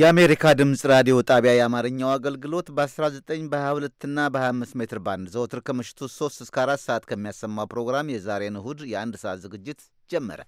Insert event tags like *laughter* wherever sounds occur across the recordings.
የአሜሪካ ድምፅ ራዲዮ ጣቢያ የአማርኛው አገልግሎት በ19 በ22 እና በ25 ሜትር ባንድ ዘወትር ከምሽቱ 3 እስከ 4 ሰዓት ከሚያሰማው ፕሮግራም የዛሬን እሁድ የአንድ ሰዓት ዝግጅት ጀመረ።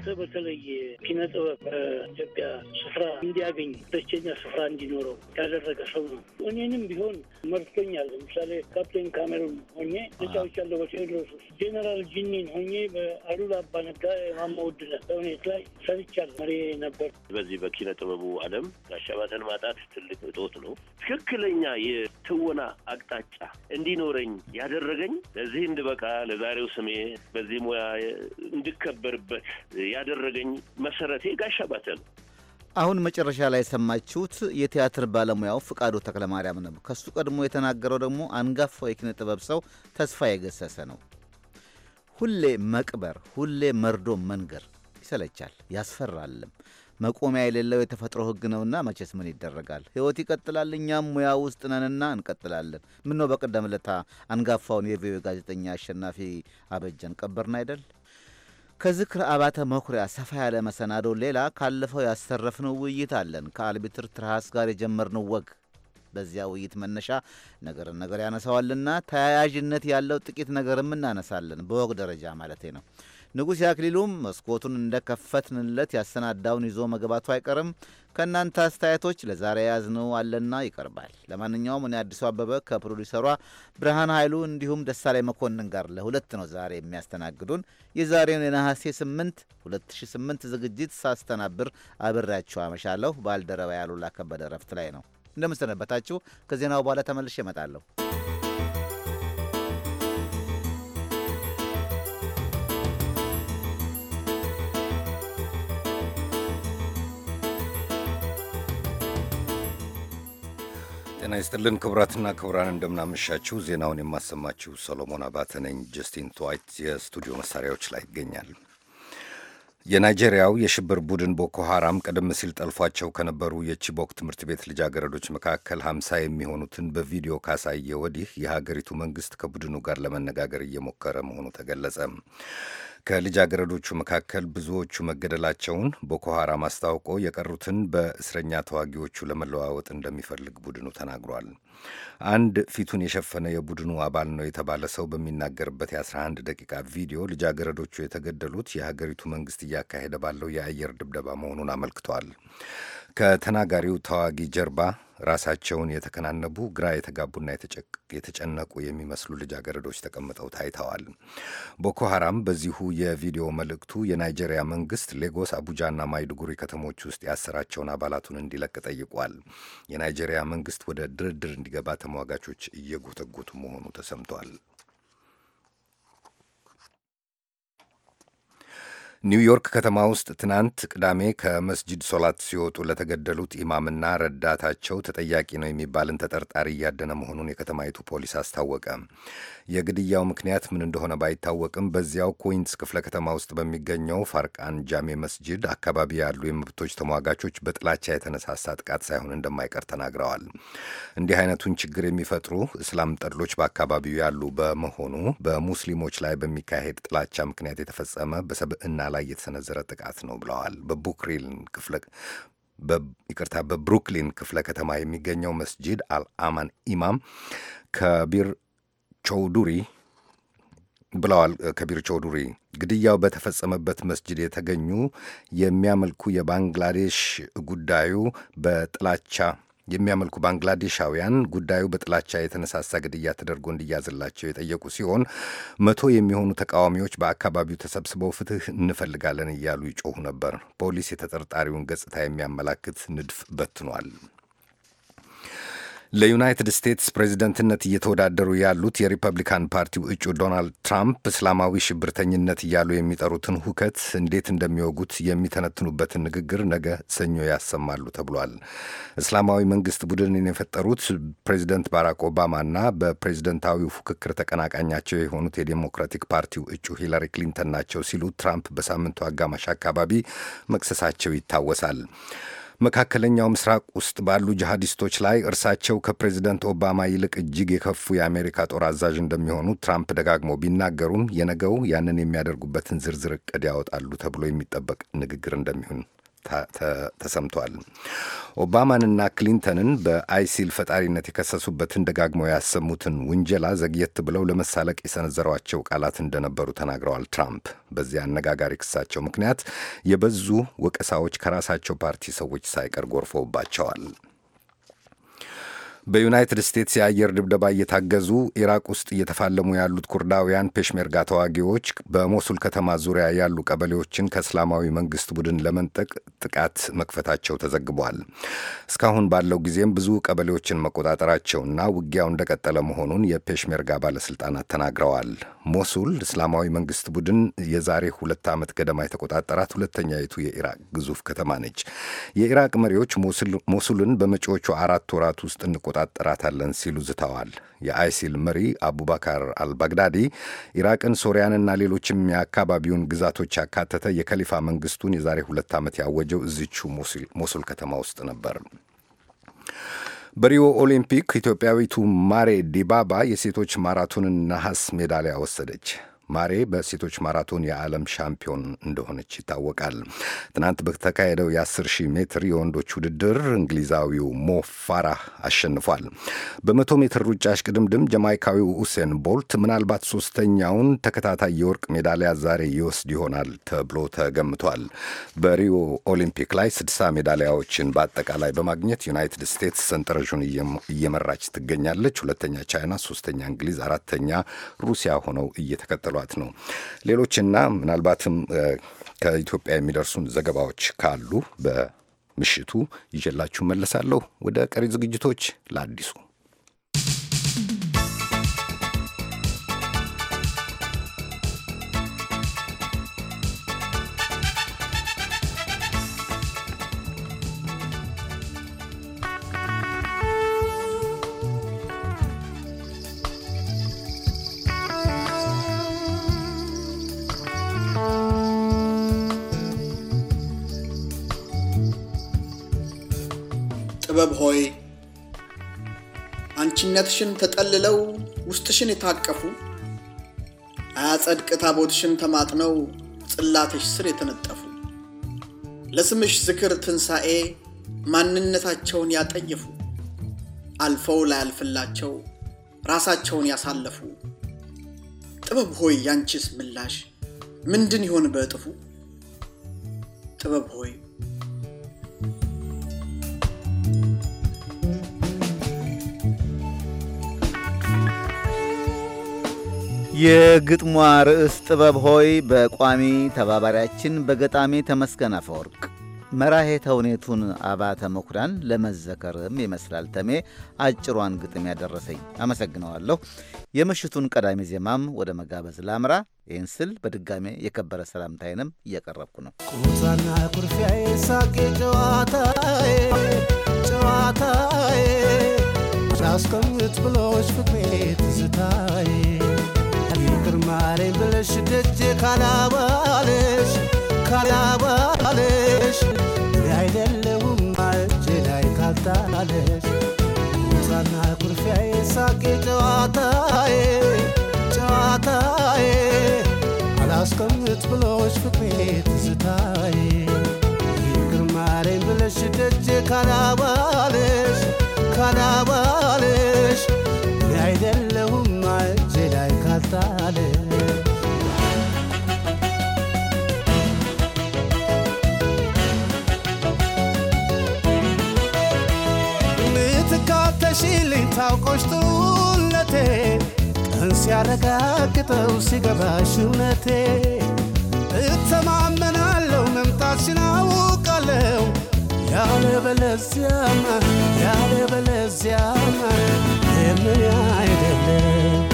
ወጣት በተለይ ኪነ ጥበብ በኢትዮጵያ ስፍራ እንዲያገኝ ብቸኛ ስፍራ እንዲኖረው ያደረገ ሰው ነው። እኔንም ቢሆን መርቶኛል። ለምሳሌ ካፕቴን ካሜሩን ሆኜ ተጫውቻለሁ። በቴዎድሮስ ጄኔራል ጂኒን ሆኜ በአሉላ አባነጋ ማማ ውድነት በሁኔት ላይ ሰርቻለሁ። መሪ ነበር። በዚህ በኪነ ጥበቡ አለም ጋሻባተን ማጣት ትልቅ እጦት ነው። ትክክለኛ የትወና አቅጣጫ እንዲኖረኝ ያደረገኝ ለዚህ እንድበቃ ለዛሬው ስሜ በዚህ ሙያ እንድከበርበት ያደረገኝ መሰረቴ ጋሽ ነው። አሁን መጨረሻ ላይ የሰማችሁት የቲያትር ባለሙያው ፍቃዱ ተክለማርያም ነው። ከሱ ቀድሞ የተናገረው ደግሞ አንጋፋው የኪነ ጥበብ ሰው ተስፋ የገሰሰ ነው። ሁሌ መቅበር፣ ሁሌ መርዶ መንገር ይሰለቻል፣ ያስፈራልም። መቆሚያ የሌለው የተፈጥሮ ሕግ ነውና መቼስ ምን ይደረጋል። ሕይወት ይቀጥላል። እኛም ሙያ ውስጥ ነንና እንቀጥላለን። ምነው በቀደም ለታ አንጋፋውን የቪኦኤ ጋዜጠኛ አሸናፊ አበጀን ቀበርን አይደል? ከዝክር አባተ መኩሪያ ሰፋ ያለ መሰናዶ ሌላ ካለፈው ያሰረፍነው ውይይት አለን። ከአልቢትር ትርሃስ ጋር የጀመርነው ወግ በዚያ ውይይት መነሻ ነገርን ነገር ያነሳዋልና ተያያዥነት ያለው ጥቂት ነገርም እናነሳለን። በወግ ደረጃ ማለቴ ነው። ንጉሥ ያክሊሉም መስኮቱን እንደ ከፈትንለት ያሰናዳውን ይዞ መግባቱ አይቀርም። ከእናንተ አስተያየቶች ለዛሬ ያዝነው አለና ይቀርባል። ለማንኛውም እኔ አዲሱ አበበ ከፕሮዲሰሯ ብርሃን ኃይሉ እንዲሁም ደሳላይ መኮንን ጋር ለሁለት ነው ዛሬ የሚያስተናግዱን። የዛሬውን የነሐሴ 8 2008 ዝግጅት ሳስተናብር አብሬያችሁ አመሻለሁ። ባልደረባ ያሉላ ከበደ ረፍት ላይ ነው። እንደምንሰነበታችሁ። ከዜናው በኋላ ተመልሼ እመጣለሁ። ጤና ይስጥልን ክቡራትና ክቡራን፣ እንደምናመሻችሁ። ዜናውን የማሰማችሁ ሰሎሞን አባተ ነኝ። ጀስቲን ትዋይት የስቱዲዮ መሳሪያዎች ላይ ይገኛል። የናይጄሪያው የሽብር ቡድን ቦኮ ሐራም ቀደም ሲል ጠልፏቸው ከነበሩ የቺቦክ ትምህርት ቤት ልጃገረዶች መካከል ሀምሳ የሚሆኑትን በቪዲዮ ካሳየ ወዲህ የሀገሪቱ መንግስት ከቡድኑ ጋር ለመነጋገር እየሞከረ መሆኑ ተገለጸ። ከልጃገረዶቹ መካከል ብዙዎቹ መገደላቸውን ቦኮ ሐራም አስታውቆ የቀሩትን በእስረኛ ተዋጊዎቹ ለመለዋወጥ እንደሚፈልግ ቡድኑ ተናግሯል። አንድ ፊቱን የሸፈነ የቡድኑ አባል ነው የተባለ ሰው በሚናገርበት የ11 ደቂቃ ቪዲዮ ልጃገረዶቹ የተገደሉት የሀገሪቱ መንግስት እያካሄደ ባለው የአየር ድብደባ መሆኑን አመልክቷል። ከተናጋሪው ተዋጊ ጀርባ ራሳቸውን የተከናነቡ ግራ የተጋቡና የተጨነቁ የሚመስሉ ልጃገረዶች ተቀምጠው ታይተዋል። ቦኮ ሐራም በዚሁ የቪዲዮ መልእክቱ የናይጄሪያ መንግስት ሌጎስ፣ አቡጃና ማይድጉሪ ከተሞች ውስጥ ያሰራቸውን አባላቱን እንዲለቅ ጠይቋል። የናይጄሪያ መንግስት ወደ ድርድር እንዲገባ ተሟጋቾች እየጎተጎቱ መሆኑ ተሰምቷል። ኒውዮርክ ከተማ ውስጥ ትናንት ቅዳሜ ከመስጂድ ሶላት ሲወጡ ለተገደሉት ኢማምና ረዳታቸው ተጠያቂ ነው የሚባልን ተጠርጣሪ እያደነ መሆኑን የከተማይቱ ፖሊስ አስታወቀ። የግድያው ምክንያት ምን እንደሆነ ባይታወቅም በዚያው ኩዊንስ ክፍለ ከተማ ውስጥ በሚገኘው ፋርቃን ጃሜ መስጂድ አካባቢ ያሉ የመብቶች ተሟጋቾች በጥላቻ የተነሳሳ ጥቃት ሳይሆን እንደማይቀር ተናግረዋል። እንዲህ አይነቱን ችግር የሚፈጥሩ እስላም ጠሎች በአካባቢው ያሉ በመሆኑ በሙስሊሞች ላይ በሚካሄድ ጥላቻ ምክንያት የተፈጸመ በሰብዕና ላይ የተሰነዘረ ጥቃት ነው ብለዋል። በቡክሪልን ክፍለ ይቅርታ በብሩክሊን ክፍለ ከተማ የሚገኘው መስጂድ አልአማን ኢማም ከቢር ቾውዱሪ ብለዋል። ከቢር ቾውዱሪ ግድያው በተፈጸመበት መስጅድ የተገኙ የሚያመልኩ የባንግላዴሽ ጉዳዩ በጥላቻ የሚያመልኩ ባንግላዴሻውያን ጉዳዩ በጥላቻ የተነሳሳ ግድያ ተደርጎ እንዲያዝላቸው የጠየቁ ሲሆን መቶ የሚሆኑ ተቃዋሚዎች በአካባቢው ተሰብስበው ፍትህ እንፈልጋለን እያሉ ይጮሁ ነበር። ፖሊስ የተጠርጣሪውን ገጽታ የሚያመላክት ንድፍ በትኗል። ለዩናይትድ ስቴትስ ፕሬዚደንትነት እየተወዳደሩ ያሉት የሪፐብሊካን ፓርቲው እጩ ዶናልድ ትራምፕ እስላማዊ ሽብርተኝነት እያሉ የሚጠሩትን ሁከት እንዴት እንደሚወጉት የሚተነትኑበትን ንግግር ነገ ሰኞ ያሰማሉ ተብሏል። እስላማዊ መንግስት ቡድንን የፈጠሩት ፕሬዚደንት ባራክ ኦባማና በፕሬዚደንታዊው ፉክክር ተቀናቃኛቸው የሆኑት የዴሞክራቲክ ፓርቲው እጩ ሂላሪ ክሊንተን ናቸው ሲሉ ትራምፕ በሳምንቱ አጋማሽ አካባቢ መክሰሳቸው ይታወሳል። መካከለኛው ምስራቅ ውስጥ ባሉ ጂሃዲስቶች ላይ እርሳቸው ከፕሬዚደንት ኦባማ ይልቅ እጅግ የከፉ የአሜሪካ ጦር አዛዥ እንደሚሆኑ ትራምፕ ደጋግሞ ቢናገሩም የነገው ያንን የሚያደርጉበትን ዝርዝር ዕቅድ ያወጣሉ ተብሎ የሚጠበቅ ንግግር እንደሚሆን ተሰምቷል። ኦባማንና ክሊንተንን በአይሲል ፈጣሪነት የከሰሱበትን ደጋግመው ያሰሙትን ውንጀላ ዘግየት ብለው ለመሳለቅ የሰነዘሯቸው ቃላት እንደነበሩ ተናግረዋል። ትራምፕ በዚያ አነጋጋሪ ክሳቸው ምክንያት የበዙ ወቀሳዎች ከራሳቸው ፓርቲ ሰዎች ሳይቀር ጎርፎባቸዋል። በዩናይትድ ስቴትስ የአየር ድብደባ እየታገዙ ኢራቅ ውስጥ እየተፋለሙ ያሉት ኩርዳውያን ፔሽሜርጋ ተዋጊዎች በሞሱል ከተማ ዙሪያ ያሉ ቀበሌዎችን ከእስላማዊ መንግስት ቡድን ለመንጠቅ ጥቃት መክፈታቸው ተዘግቧል። እስካሁን ባለው ጊዜም ብዙ ቀበሌዎችን መቆጣጠራቸውና ውጊያው እንደቀጠለ መሆኑን የፔሽሜርጋ ባለስልጣናት ተናግረዋል። ሞሱል እስላማዊ መንግስት ቡድን የዛሬ ሁለት ዓመት ገደማ የተቆጣጠራት ሁለተኛይቱ የኢራቅ ግዙፍ ከተማ ነች። የኢራቅ መሪዎች ሞሱልን በመጪዎቹ አራት ወራት ውስጥ እንቆጣ እንቆጣጠራታለን ሲሉ ዝተዋል። የአይሲል መሪ አቡባካር አልባግዳዲ ኢራቅን፣ ሶሪያንና ሌሎችም የአካባቢውን ግዛቶች ያካተተ የከሊፋ መንግስቱን የዛሬ ሁለት ዓመት ያወጀው እዚቹ ሞሱል ከተማ ውስጥ ነበር። በሪዮ ኦሊምፒክ ኢትዮጵያዊቱ ማሬ ዲባባ የሴቶች ማራቶንን ነሐስ ሜዳሊያ ወሰደች። ማሬ በሴቶች ማራቶን የዓለም ሻምፒዮን እንደሆነች ይታወቃል። ትናንት በተካሄደው የ10 ሺህ ሜትር የወንዶች ውድድር እንግሊዛዊው ሞ አሸንፏል። በመቶ ሜትር ሩጫ እሽቅድምድም ጀማይካዊው ኡሴን ቦልት ምናልባት ሶስተኛውን ተከታታይ የወርቅ ሜዳሊያ ዛሬ ይወስድ ይሆናል ተብሎ ተገምቷል። በሪዮ ኦሊምፒክ ላይ 60 ሜዳሊያዎችን በአጠቃላይ በማግኘት ዩናይትድ ስቴትስ ሰንጠረዡን እየመራች ትገኛለች። ሁለተኛ ቻይና፣ ሶስተኛ እንግሊዝ፣ አራተኛ ሩሲያ ሆነው እየተከተሉ ማግባት ነው። ሌሎችና ምናልባትም ከኢትዮጵያ የሚደርሱን ዘገባዎች ካሉ በምሽቱ ይዤላችሁ መለሳለሁ። ወደ ቀሪ ዝግጅቶች ለአዲሱ ጥበብ ሆይ አንቺነትሽን ተጠልለው ውስጥሽን የታቀፉ አያጸድቅ ታቦትሽን ተማጥነው ጽላትሽ ስር የተነጠፉ ለስምሽ ዝክር ትንሣኤ ማንነታቸውን ያጠየፉ አልፈው ላያልፍላቸው ራሳቸውን ያሳለፉ ጥበብ ሆይ ያንቺስ ምላሽ ምንድን ይሆን በእጥፉ ጥበብ ሆይ የግጥሟ ርዕስ ጥበብ ሆይ በቋሚ ተባባሪያችን በገጣሚ ተመስገን አፈወርቅ መራሄ ተውኔቱን አባተ መኩሪያን ለመዘከርም ይመስላል ተሜ አጭሯን ግጥም ያደረሰኝ አመሰግነዋለሁ። የምሽቱን ቀዳሚ ዜማም ወደ መጋበዝ ላምራ። ይህን ስል በድጋሜ የከበረ ሰላምታይንም እየቀረብኩ ነው። ቁጣና ኩርፊያዬ፣ ሳቄ፣ ጨዋታዬ ጨዋታዬ ሳስቀምጥ ብሎች ፍቅሬ ትዝታዬ ግርማለኝ ብለሽ ደጄ ካላባለሽ ካላባለሽ እኔ አይደለሁም እጄ ላይ ካልጣለሽ ሞሳና ኩርፊያዬ ሳቄ ጨዋታዬ ጨዋታዬ አላስቀምጥ ብሎሽ ፍቅሬ ትዝታዬ ግርማለኝ ብለሽ ደጄ ካላባለሽ ካላባለሽ ይመጣል ምትካተሽልኝ ታውቆች ጥሩነቴ ቀን ሲያረጋግጠው ሲገባሽ እውነቴ እተማመናለው መምጣትሽን አውቃለው ያለበለዚያማ ያለበለዚያማ የምን አይደለም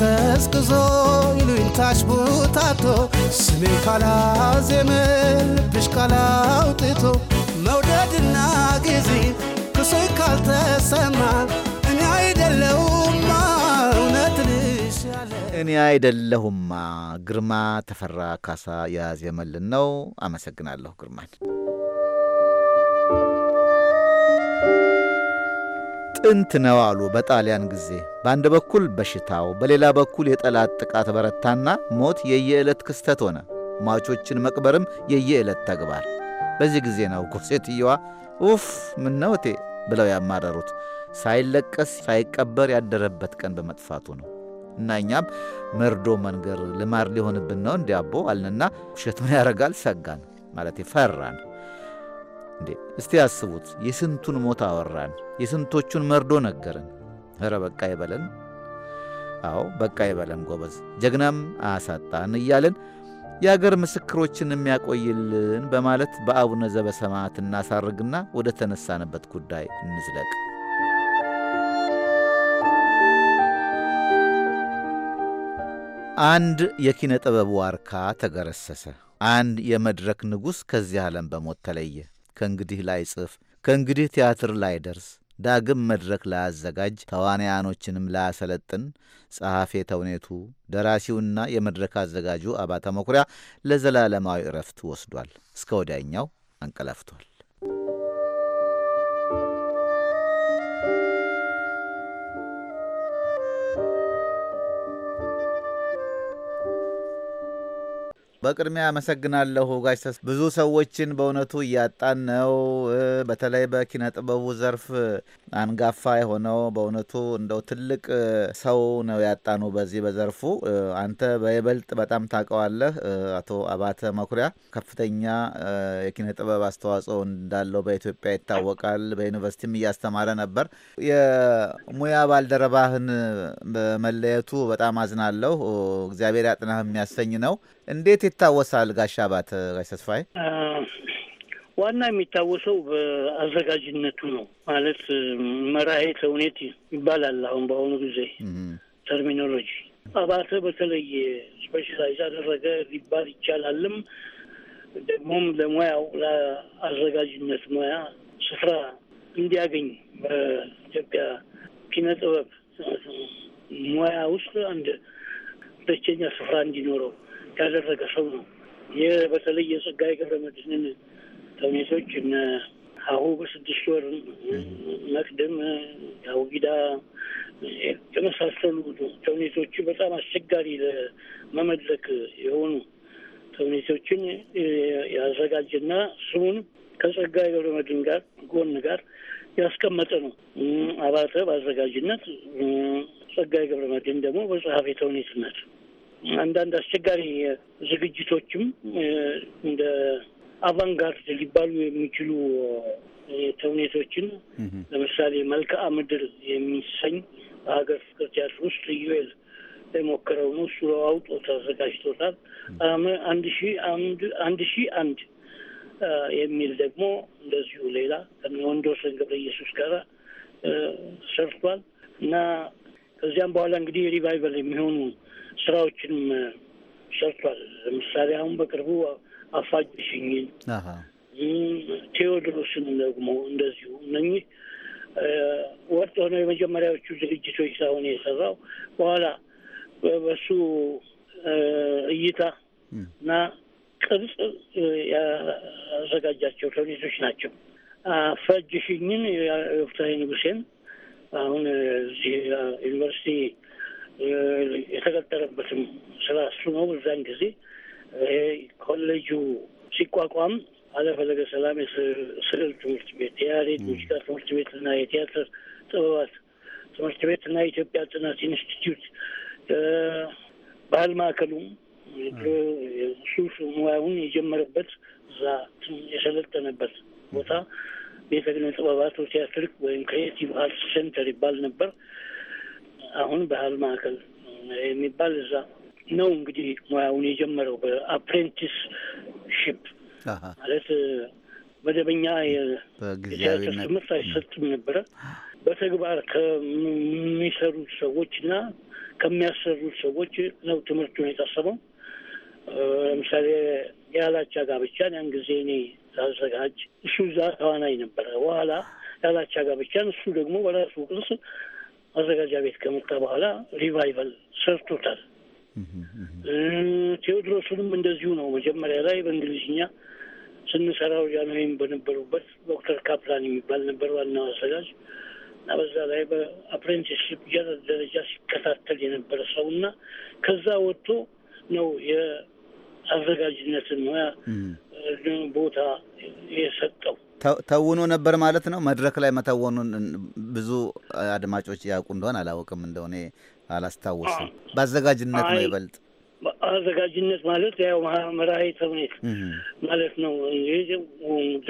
ቀዝቅዞ ይሉኝታሽ ቡታቶ ስሜን ካላዜመ ልብሽ ካላውጥቶ መውደድና ጊዜ ክሶይ ካልተሰማ እኔ አይደለሁማ እውነትንሽ ያለ እኔ አይደለሁማ ግርማ ተፈራ ካሳ ያዜመልን ነው። አመሰግናለሁ ግርማን። ጥንት ነው አሉ በጣሊያን ጊዜ። በአንድ በኩል በሽታው፣ በሌላ በኩል የጠላት ጥቃት በረታና ሞት የየዕለት ክስተት ሆነ። ሟቾችን መቅበርም የየዕለት ተግባር። በዚህ ጊዜ ነው እኮ ሴትየዋ ኡፍ ምነውቴ ብለው ያማረሩት። ሳይለቀስ ሳይቀበር ያደረበት ቀን በመጥፋቱ ነው። እና እኛም መርዶ መንገር ልማር ሊሆንብን ነው እንዲያቦ አልንና ውሸት ምን ያረጋል ሰጋን፣ ማለት ፈራን። እንዴ እስቲ አስቡት። የስንቱን ሞት አወራን፣ የስንቶቹን መርዶ ነገርን። ኧረ በቃ ይበለን። አዎ በቃ ይበለን ጎበዝ፣ ጀግናም አሳጣን እያለን የአገር ምስክሮችን የሚያቆይልን በማለት በአቡነ ዘበሰማያት እናሳርግና ወደ ተነሳንበት ጉዳይ እንዝለቅ። አንድ የኪነ ጥበብ ዋርካ ተገረሰሰ። አንድ የመድረክ ንጉሥ ከዚህ ዓለም በሞት ተለየ። ከእንግዲህ ላይ ጽፍ፣ ከእንግዲህ ቲያትር ላይ ደርስ፣ ዳግም መድረክ ላያዘጋጅ፣ ተዋንያኖችንም ላያሰለጥን፣ ጸሐፌ ተውኔቱ ደራሲውና የመድረክ አዘጋጁ አባተ መኩሪያ ለዘላለማዊ እረፍት ወስዷል። እስከ ወዲያኛው አንቀላፍቷል። በቅድሚያ አመሰግናለሁ ጋሽ ተስ ብዙ ሰዎችን በእውነቱ እያጣን ነው። በተለይ በኪነ ጥበቡ ዘርፍ አንጋፋ የሆነው በእውነቱ እንደው ትልቅ ሰው ነው ያጣኑ በዚህ በዘርፉ አንተ በይበልጥ በጣም ታውቀዋለህ። አቶ አባተ መኩሪያ ከፍተኛ የኪነ ጥበብ አስተዋጽኦ እንዳለው በኢትዮጵያ ይታወቃል። በዩኒቨርሲቲም እያስተማረ ነበር። የሙያ ባልደረባህን በመለየቱ በጣም አዝናለሁ። እግዚአብሔር ያጥናህ የሚያሰኝ ነው። እንዴት ይታወሳል? ጋሻ አባት ጋሽ ተስፋዬ ዋና የሚታወሰው በአዘጋጅነቱ ነው። ማለት መራሄ ተውኔት ይባላል አሁን በአሁኑ ጊዜ ተርሚኖሎጂ። አባተ በተለየ ስፔሻላይዝ አደረገ ሊባል ይቻላልም። ደግሞም ለሙያው ለአዘጋጅነት ሙያ ስፍራ እንዲያገኝ በኢትዮጵያ ኪነ ጥበብ ሙያ ውስጥ አንድ ብቸኛ ስፍራ እንዲኖረው ያደረገ ሰው ነው። ይህ በተለይ የጸጋዬ ገብረመድህንን ተውኔቶች እነ አሁ በስድስት ወር መቅድም፣ ያውጊዳ የመሳሰሉ ተውኔቶች በጣም አስቸጋሪ ለመመድረክ የሆኑ ተውኔቶችን ያዘጋጅና ስሙን ከጸጋዬ ገብረመድህን ጋር ጎን ጋር ያስቀመጠ ነው። አባተ በአዘጋጅነት ጸጋዬ ገብረመድህን ደግሞ በጸሐፊ ተውኔትነት አንዳንድ አስቸጋሪ ዝግጅቶችም እንደ አቫንጋርድ ሊባሉ የሚችሉ ተውኔቶችን ለምሳሌ መልክዓ ምድር የሚሰኝ በሀገር ፍቅር ቲያትር ውስጥ ዩኤል የሞከረው ነው። እሱ አውጦ ተዘጋጅቶታል። አንድ ሺ አንድ አንድ ሺ አንድ የሚል ደግሞ እንደዚሁ ሌላ ወንዶሰን ገብረ ኢየሱስ ጋራ ሰርቷል እና ከዚያም በኋላ እንግዲህ ሪቫይቨል የሚሆኑ ስራዎችንም ሰርቷል። ለምሳሌ አሁን በቅርቡ አፋጅሽኝን ቴዎድሮስን ደግሞ እንደዚሁ እነኚህ ወጥ ሆነው የመጀመሪያዎቹ ዝግጅቶች ሳሁን የሰራው በኋላ በሱ እይታ እና ቅርጽ ያዘጋጃቸው ተውኔቶች ናቸው። አፋጅሽኝን የወፍታዊ ንጉሴን አሁን እዚህ ዩኒቨርሲቲ የተቀጠረበትም ስራ እሱ ነው። እዛን ጊዜ ኮሌጁ ሲቋቋም አለፈለገ ሰላም የስዕል ትምህርት ቤት፣ የያሬድ ሙዚቃ ትምህርት ቤት እና የቲያትር ጥበባት ትምህርት ቤት እና የኢትዮጵያ ጥናት ኢንስቲትዩት ባህል ማዕከሉም ሱስ ሙያውን የጀመረበት እዛ የሰለጠነበት ቦታ ቤተ ግነ ጥበባት ቲያትሪክ ወይም ክሬቲቭ አርት ሴንተር ይባል ነበር። አሁን ባህል ማዕከል የሚባል እዛ ነው እንግዲህ ሙያውን የጀመረው በአፕሬንቲስ ሺፕ ማለት መደበኛ ትምህርት አይሰጥም ነበረ። በተግባር ከሚሰሩት ሰዎች እና ከሚያሰሩት ሰዎች ነው ትምህርቱን የታሰበው። ለምሳሌ ያላቻ ጋብቻን ያን ጊዜ እኔ ሳዘጋጅ እሱ እዛ ተዋናይ ነበረ። በኋላ ያላቻ ጋብቻን እሱ ደግሞ በራሱ ቅርስ ማዘጋጃ ቤት ከመጣ በኋላ ሪቫይቫል ሰርቶታል። ቴዎድሮስንም እንደዚሁ ነው። መጀመሪያ ላይ በእንግሊዝኛ ስንሰራው ጃንሆይም በነበሩበት ዶክተር ካፕላን የሚባል ነበር ዋና አዘጋጅ እና በዛ ላይ በአፕሬንቲስሽፕ ደረጃ ሲከታተል የነበረ ሰው እና ከዛ ወጥቶ ነው የአዘጋጅነትን ሙያ ቦታ የሰጠው። ተውኖ ነበር ማለት ነው። መድረክ ላይ መተወኑን ብዙ አድማጮች ያውቁ እንደሆን አላወቅም፣ እንደሆነ አላስታወስም። በአዘጋጅነት ነው ይበልጥ አዘጋጅነት ማለት ያው መራዊ ተውኔት ማለት ነው።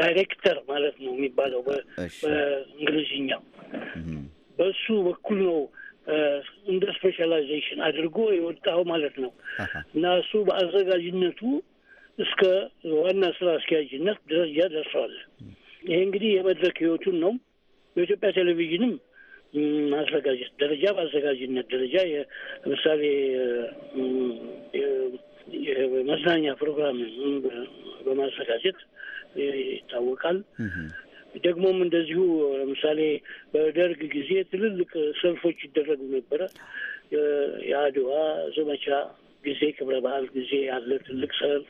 ዳይሬክተር ማለት ነው የሚባለው በእንግሊዝኛው። በእሱ በኩል ነው እንደ ስፔሻላይዜሽን አድርጎ የወጣው ማለት ነው እና እሱ በአዘጋጅነቱ እስከ ዋና ስራ አስኪያጅነት ደረጃ ደርሰዋል። ይሄ እንግዲህ የመድረክ ህይወቱን ነው። በኢትዮጵያ ቴሌቪዥንም ማዘጋጀት ደረጃ በአዘጋጅነት ደረጃ ለምሳሌ መዝናኛ ፕሮግራም በማዘጋጀት ይታወቃል። ደግሞም እንደዚሁ ለምሳሌ በደርግ ጊዜ ትልልቅ ሰልፎች ይደረጉ ነበረ። የአድዋ ዘመቻ ጊዜ ክብረ በዓል ጊዜ ያለ ትልቅ ሰልፍ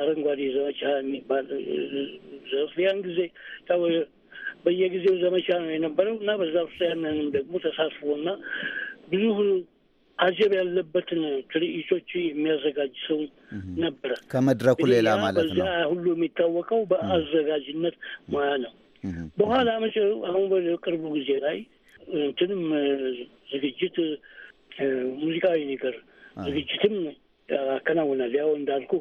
አረንጓዴ ዘመቻ የሚባል ዘርፍ ያን ጊዜ በየጊዜው ዘመቻ ነው የነበረው እና በዛ ውስጥ ያንንም ደግሞ ተሳትፎ እና ብዙ አጀብ ያለበትን ትርኢቶች የሚያዘጋጅ ሰው ነበረ። ከመድረኩ ሌላ ማለት ነው። ሁሉ የሚታወቀው በአዘጋጅነት ሙያ ነው። በኋላ መቼ አሁን በቅርቡ ጊዜ ላይ እንትንም ዝግጅት ሙዚቃዊ ነገር ዝግጅትም አከናውናል። ያው እንዳልኩ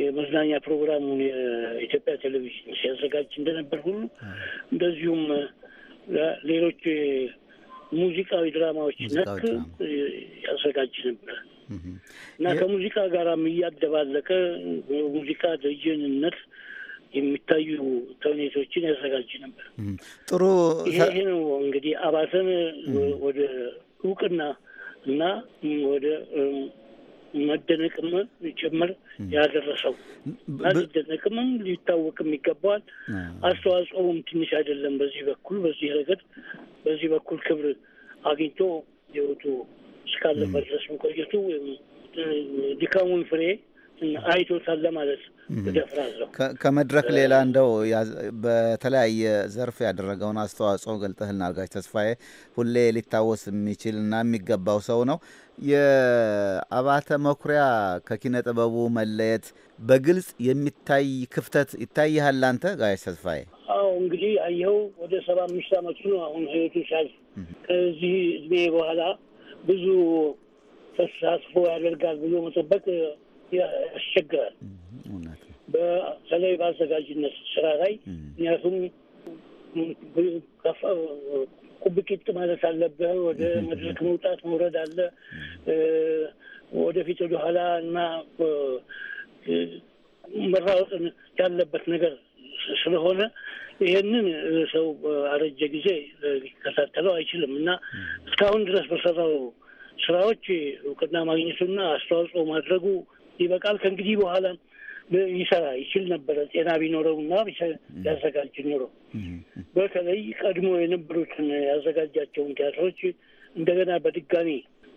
የመዝናኛ ፕሮግራሙን የኢትዮጵያ ቴሌቪዥን ሲያዘጋጅ እንደነበር ሁሉ እንደዚሁም ሌሎች ሙዚቃዊ ድራማዎች ነክ ያዘጋጅ ነበር እና ከሙዚቃ ጋርም እያደባለቀ ሙዚቃ ደጀንነት የሚታዩ ተውኔቶችን ያዘጋጅ ነበር። ጥሩ ይሄ ነው እንግዲህ አባተን ወደ እውቅና እና ወደ መደነቅም ጭምር ያደረሰው መደነቅምም ሊታወቅም ይገባዋል። አስተዋጽኦውም ትንሽ አይደለም። በዚህ በኩል በዚህ ረገድ በዚህ በኩል ክብር አግኝቶ ህይወቱ እስካለበት ድረስ መቆየቱ ድካሙን ፍሬ አይቶታል ለማለት ነው። ከመድረክ ሌላ እንደው በተለያየ ዘርፍ ያደረገውን አስተዋጽኦ ገልጠህልና አርጋች ተስፋዬ ሁሌ ሊታወስ የሚችል እና የሚገባው ሰው ነው። የአባተ መኩሪያ ከኪነ ጥበቡ መለየት በግልጽ የሚታይ ክፍተት ይታይሃል አንተ ጋሽ ተስፋዬ? አዎ እንግዲህ አየኸው ወደ ሰባ አምስት አመቱ ነው አሁን ህይወቱ ሲያልፍ። ከዚህ እድሜ በኋላ ብዙ ተሳትፎ ያደርጋል ብሎ መጠበቅ ያስቸግራል። በተለይ በአዘጋጅነት ስራ ላይ ምክንያቱም ቁብቂጥ ማለት አለብህ። ወደ መድረክ መውጣት መውረድ አለ ወደፊት ወደኋላ እና መራወጥን ያለበት ነገር ስለሆነ ይሄንን ሰው አረጀ ጊዜ ሊከታተለው አይችልም እና እስካሁን ድረስ በሰራው ስራዎች እውቅና ማግኘቱና አስተዋጽኦ ማድረጉ ይበቃል ከእንግዲህ በኋላ ይሰራ ይችል ነበረ ጤና ቢኖረው ቢኖረውና ያዘጋጅ ኖረው። በተለይ ቀድሞ የነበሩትን ያዘጋጃቸውን ቲያትሮች እንደገና በድጋሚ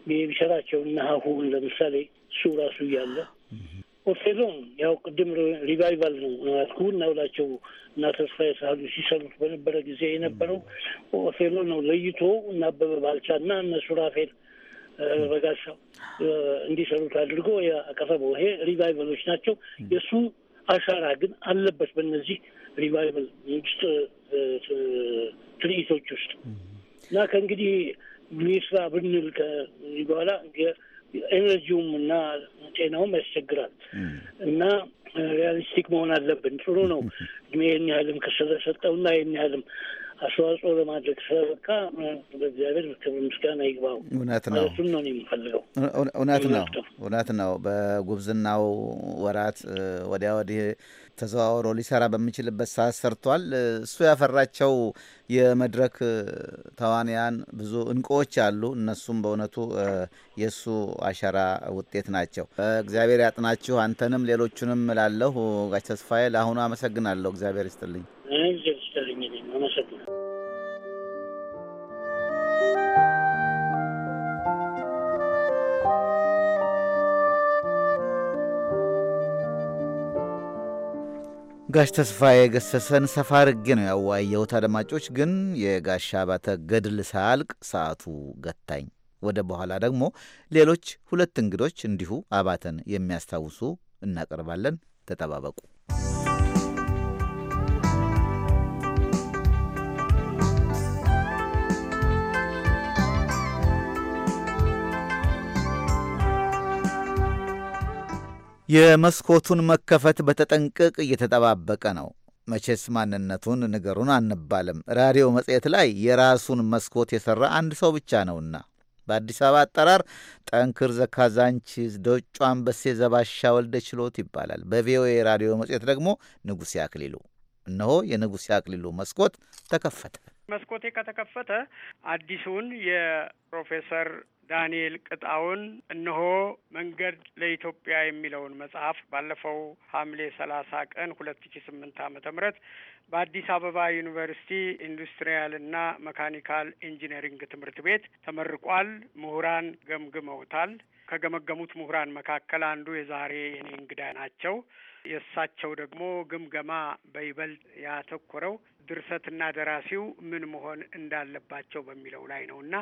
ቢሰራቸው እና ሀሁን ለምሳሌ እሱ ራሱ እያለ ኦቴሎን ያው ቅድም ሪቫይቫል ነው ያልኩ እና ውላቸው እና ተስፋዬ ሳህሉ ሲሰሩት በነበረ ጊዜ የነበረው ኦቴሎ ነው ለይቶ እና አበበ ባልቻ እና እነ ሱራፌል በጋሻው እንዲሰሩት አድርጎ ያቀረበው ይሄ ሪቫይቨሎች ናቸው። የእሱ አሻራ ግን አለበት በእነዚህ ሪቫይቨል ውስጥ ትርኢቶች ውስጥ እና ከእንግዲህ ሚስራ ብንል በኋላ ኤነርጂውም እና ጤናውም ያስቸግራል እና ሪያሊስቲክ መሆን አለብን። ጥሩ ነው እድሜ ይህን ያህልም ከሰጠውና ይህን ያህልም አስተዋጽኦ ለማድረግ ስለበቃ በእግዚአብሔር ክብር ምስጋና ይግባው። እውነት ነው። እሱም ነው የሚፈልገው። እውነት ነው። እውነት ነው። በጉብዝናው ወራት ወዲያ ወዲህ ተዘዋውሮ ሊሰራ በሚችልበት ሰዓት ሰርቷል። እሱ ያፈራቸው የመድረክ ተዋንያን ብዙ እንቁዎች አሉ። እነሱም በእውነቱ የእሱ አሻራ ውጤት ናቸው። እግዚአብሔር ያጥናችሁ፣ አንተንም ሌሎቹንም እላለሁ። ጋሽ ተስፋዬ ለአሁኑ አመሰግናለሁ። እግዚአብሔር ይስጥልኝ። ጋሽ ተስፋዬ ገሰሰን ሰፋ አድርጌ ነው ያዋየሁት። አድማጮች ግን የጋሽ አባተ ገድል ሳያልቅ ሰዓቱ ገታኝ። ወደ በኋላ ደግሞ ሌሎች ሁለት እንግዶች እንዲሁ አባተን የሚያስታውሱ እናቀርባለን። ተጠባበቁ። የመስኮቱን መከፈት በተጠንቀቅ እየተጠባበቀ ነው። መቼስ ማንነቱን ንገሩን አንባልም። ራዲዮ መጽሔት ላይ የራሱን መስኮት የሠራ አንድ ሰው ብቻ ነውና በአዲስ አበባ አጠራር ጠንክር ዘካዛንቺስ ደጩ አንበሴ ዘባሻ ወልደ ችሎት ይባላል። በቪኦኤ ራዲዮ መጽሔት ደግሞ ንጉሴ አክሊሉ። እነሆ የንጉሴ አክሊሉ መስኮት ተከፈተ። መስኮቴ ከተከፈተ አዲሱን የፕሮፌሰር ዳንኤል ቅጣውን እነሆ መንገድ ለኢትዮጵያ የሚለውን መጽሐፍ ባለፈው ሐምሌ ሰላሳ ቀን ሁለት ሺ ስምንት ዓመተ ምህረት በአዲስ አበባ ዩኒቨርሲቲ ኢንዱስትሪያልና መካኒካል ኢንጂነሪንግ ትምህርት ቤት ተመርቋል። ምሁራን ገምግመውታል። ከገመገሙት ምሁራን መካከል አንዱ የዛሬ የኔ እንግዳ ናቸው። የእሳቸው ደግሞ ግምገማ በይበልጥ ያተኮረው ድርሰትና ደራሲው ምን መሆን እንዳለባቸው በሚለው ላይ ነው እና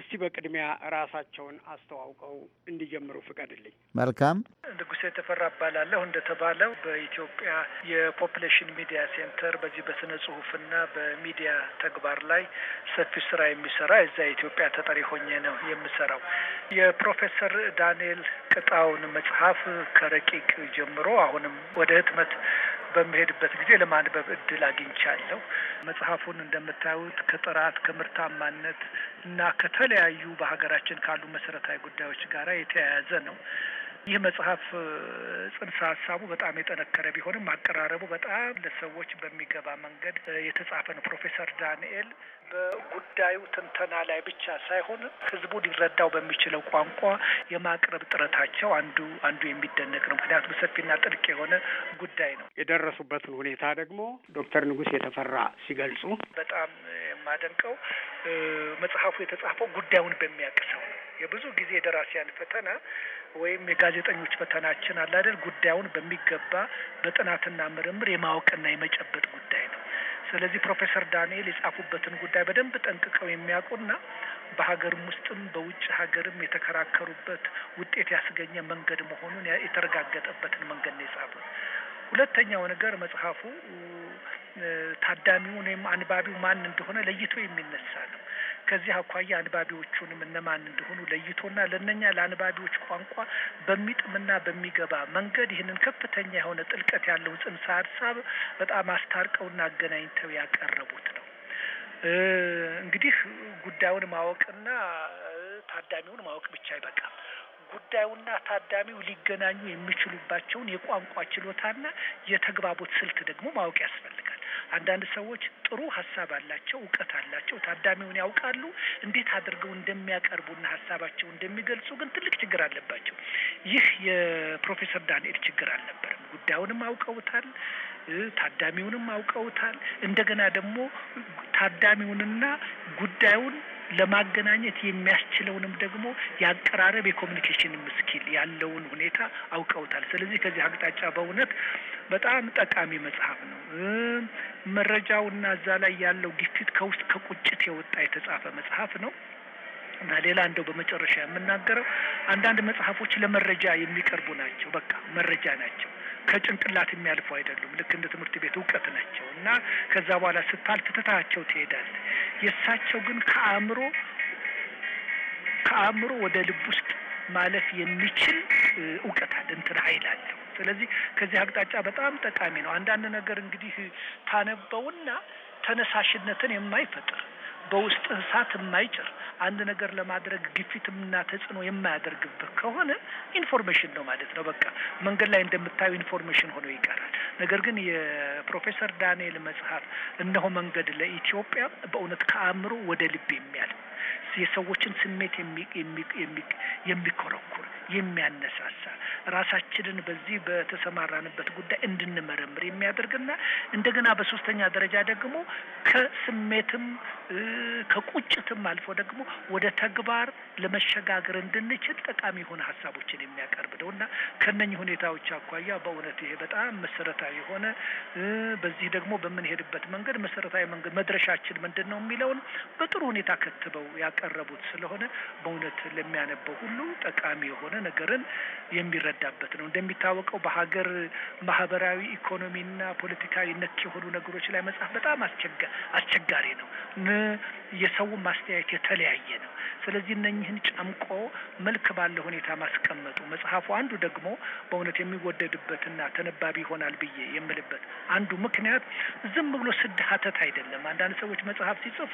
እስቲ በቅድሚያ ራሳቸውን አስተዋውቀው እንዲጀምሩ ፍቀድልኝ። መልካም። ንጉሴ የተፈራ እባላለሁ። እንደተባለው በኢትዮጵያ የፖፕሌሽን ሚዲያ ሴንተር በዚህ በስነ ጽሁፍና በሚዲያ ተግባር ላይ ሰፊ ስራ የሚሰራ እዛ የኢትዮጵያ ተጠሪ ሆኜ ነው የምሰራው። የፕሮፌሰር ዳንኤል ቅጣውን መጽሐፍ ከረቂቅ ጀምሮ አሁንም ወደ ህትመት በምሄድበት ጊዜ ለማንበብ እድል አግኝቻለሁ። መጽሐፉን እንደምታዩት ከጥራት ከምርታማነት እና ከተለያዩ በሀገራችን ካሉ መሰረታዊ ጉዳዮች ጋር የተያያዘ ነው። ይህ መጽሐፍ ጽንሰ ሀሳቡ በጣም የጠነከረ ቢሆንም አቀራረቡ በጣም ለሰዎች በሚገባ መንገድ የተጻፈ ነው። ፕሮፌሰር ዳንኤል በጉዳዩ ትንተና ላይ ብቻ ሳይሆን ህዝቡ ሊረዳው በሚችለው ቋንቋ የማቅረብ ጥረታቸው አንዱ አንዱ የሚደነቅ ነው። ምክንያቱም ሰፊና ጥልቅ የሆነ ጉዳይ ነው። የደረሱበትን ሁኔታ ደግሞ ዶክተር ንጉስ የተፈራ ሲገልጹ በጣም የማደንቀው መጽሐፉ የተጻፈው ጉዳዩን በሚያውቅ ሰው ነው። የብዙ ጊዜ የደራሲያን ፈተና ወይም የጋዜጠኞች ፈተናችን አላደል ጉዳዩን በሚገባ በጥናትና ምርምር የማወቅና የመጨበጥ ጉዳይ ነው። ስለዚህ ፕሮፌሰር ዳንኤል የጻፉበትን ጉዳይ በደንብ ጠንቅቀው የሚያውቁና በሀገርም ውስጥም በውጭ ሀገርም የተከራከሩበት ውጤት ያስገኘ መንገድ መሆኑን የተረጋገጠበትን መንገድ ነው የጻፉት። ሁለተኛው ነገር መጽሐፉ ታዳሚውን ወይም አንባቢው ማን እንደሆነ ለይቶ የሚነሳ ነው። ከዚህ አኳያ አንባቢዎቹንም እነማን እንደሆኑ ለይቶና ለነኛ ለአንባቢዎች ቋንቋ በሚጥምና በሚገባ መንገድ ይህንን ከፍተኛ የሆነ ጥልቀት ያለው ጽንሰ ሀሳብ በጣም አስታርቀውና አገናኝተው ያቀረቡት ነው። እንግዲህ ጉዳዩን ማወቅና ታዳሚውን ማወቅ ብቻ አይበቃም። ጉዳዩና ታዳሚው ሊገናኙ የሚችሉባቸውን የቋንቋ ችሎታና የተግባቦት ስልት ደግሞ ማወቅ ያስፈልጋል። አንዳንድ ሰዎች ጥሩ ሀሳብ አላቸው፣ እውቀት አላቸው፣ ታዳሚውን ያውቃሉ። እንዴት አድርገው እንደሚያቀርቡና ሀሳባቸው እንደሚገልጹ ግን ትልቅ ችግር አለባቸው። ይህ የፕሮፌሰር ዳንኤል ችግር አልነበረም። ጉዳዩንም አውቀውታል፣ ታዳሚውንም አውቀውታል። እንደገና ደግሞ ታዳሚውንና ጉዳዩን ለማገናኘት የሚያስችለውንም ደግሞ የአቀራረብ የኮሚኒኬሽን ስኪል ያለውን ሁኔታ አውቀውታል። ስለዚህ ከዚህ አቅጣጫ በእውነት በጣም ጠቃሚ መጽሐፍ ነው። መረጃውና እዛ ላይ ያለው ግፊት ከውስጥ ከቁጭት የወጣ የተጻፈ መጽሐፍ ነው እና ሌላ እንደው በመጨረሻ የምናገረው አንዳንድ መጽሐፎች ለመረጃ የሚቀርቡ ናቸው። በቃ መረጃ ናቸው። ከጭንቅላት የሚያልፉ አይደሉም። ልክ እንደ ትምህርት ቤት እውቀት ናቸው እና ከዛ በኋላ ስታልፍ ትተታቸው ትሄዳል። የእሳቸው ግን ከአእምሮ ከአእምሮ ወደ ልብ ውስጥ ማለፍ የሚችል እውቀት አለ፣ እንትን ኃይል አለው። ስለዚህ ከዚህ አቅጣጫ በጣም ጠቃሚ ነው። አንዳንድ ነገር እንግዲህ ታነበውና ተነሳሽነትን የማይፈጥር በውስጥ እሳት የማይጭር አንድ ነገር ለማድረግ ግፊትና ተጽዕኖ የማያደርግብህ ከሆነ ኢንፎርሜሽን ነው ማለት ነው። በቃ መንገድ ላይ እንደምታዩ ኢንፎርሜሽን ሆኖ ይቀራል። ነገር ግን የፕሮፌሰር ዳንኤል መጽሐፍ እነሆ መንገድ ለኢትዮጵያ በእውነት ከአእምሮ ወደ ልብ የሚያል የሰዎችን ስሜት የሚኮረኩር የሚያነሳሳ ራሳችንን በዚህ በተሰማራንበት ጉዳይ እንድንመረምር የሚያደርግና እንደገና በሶስተኛ ደረጃ ደግሞ ከስሜትም ከቁጭትም አልፎ ደግሞ ወደ ተግባር ለመሸጋገር እንድንችል ጠቃሚ የሆነ ሀሳቦችን የሚያቀርብ ነው እና ከነኝ ሁኔታዎች አኳያ በእውነት ይሄ በጣም መሰረታዊ የሆነ በዚህ ደግሞ በምንሄድበት መንገድ መሰረታዊ መንገድ መድረሻችን ምንድን ነው የሚለውን በጥሩ ሁኔታ ከትበው ያቀረቡት ስለሆነ በእውነት ለሚያነበው ሁሉ ጠቃሚ የሆነ ነገርን የሚረዳበት ነው። እንደሚታወቀው በሀገር ማህበራዊ ኢኮኖሚና ፖለቲካዊ ነክ የሆኑ ነገሮች ላይ መጽሐፍ በጣም አስቸጋሪ ነው። የሰው ማስተያየት የተለያየ ነው። ስለዚህ እነኝህን ጨምቆ መልክ ባለ ሁኔታ ማስቀመጡ መጽሐፉ አንዱ ደግሞ በእውነት የሚወደድበትና ተነባቢ ይሆናል ብዬ የምልበት አንዱ ምክንያት ዝም ብሎ ስድሀተት ሀተት አይደለም። አንዳንድ ሰዎች መጽሐፍ ሲጽፉ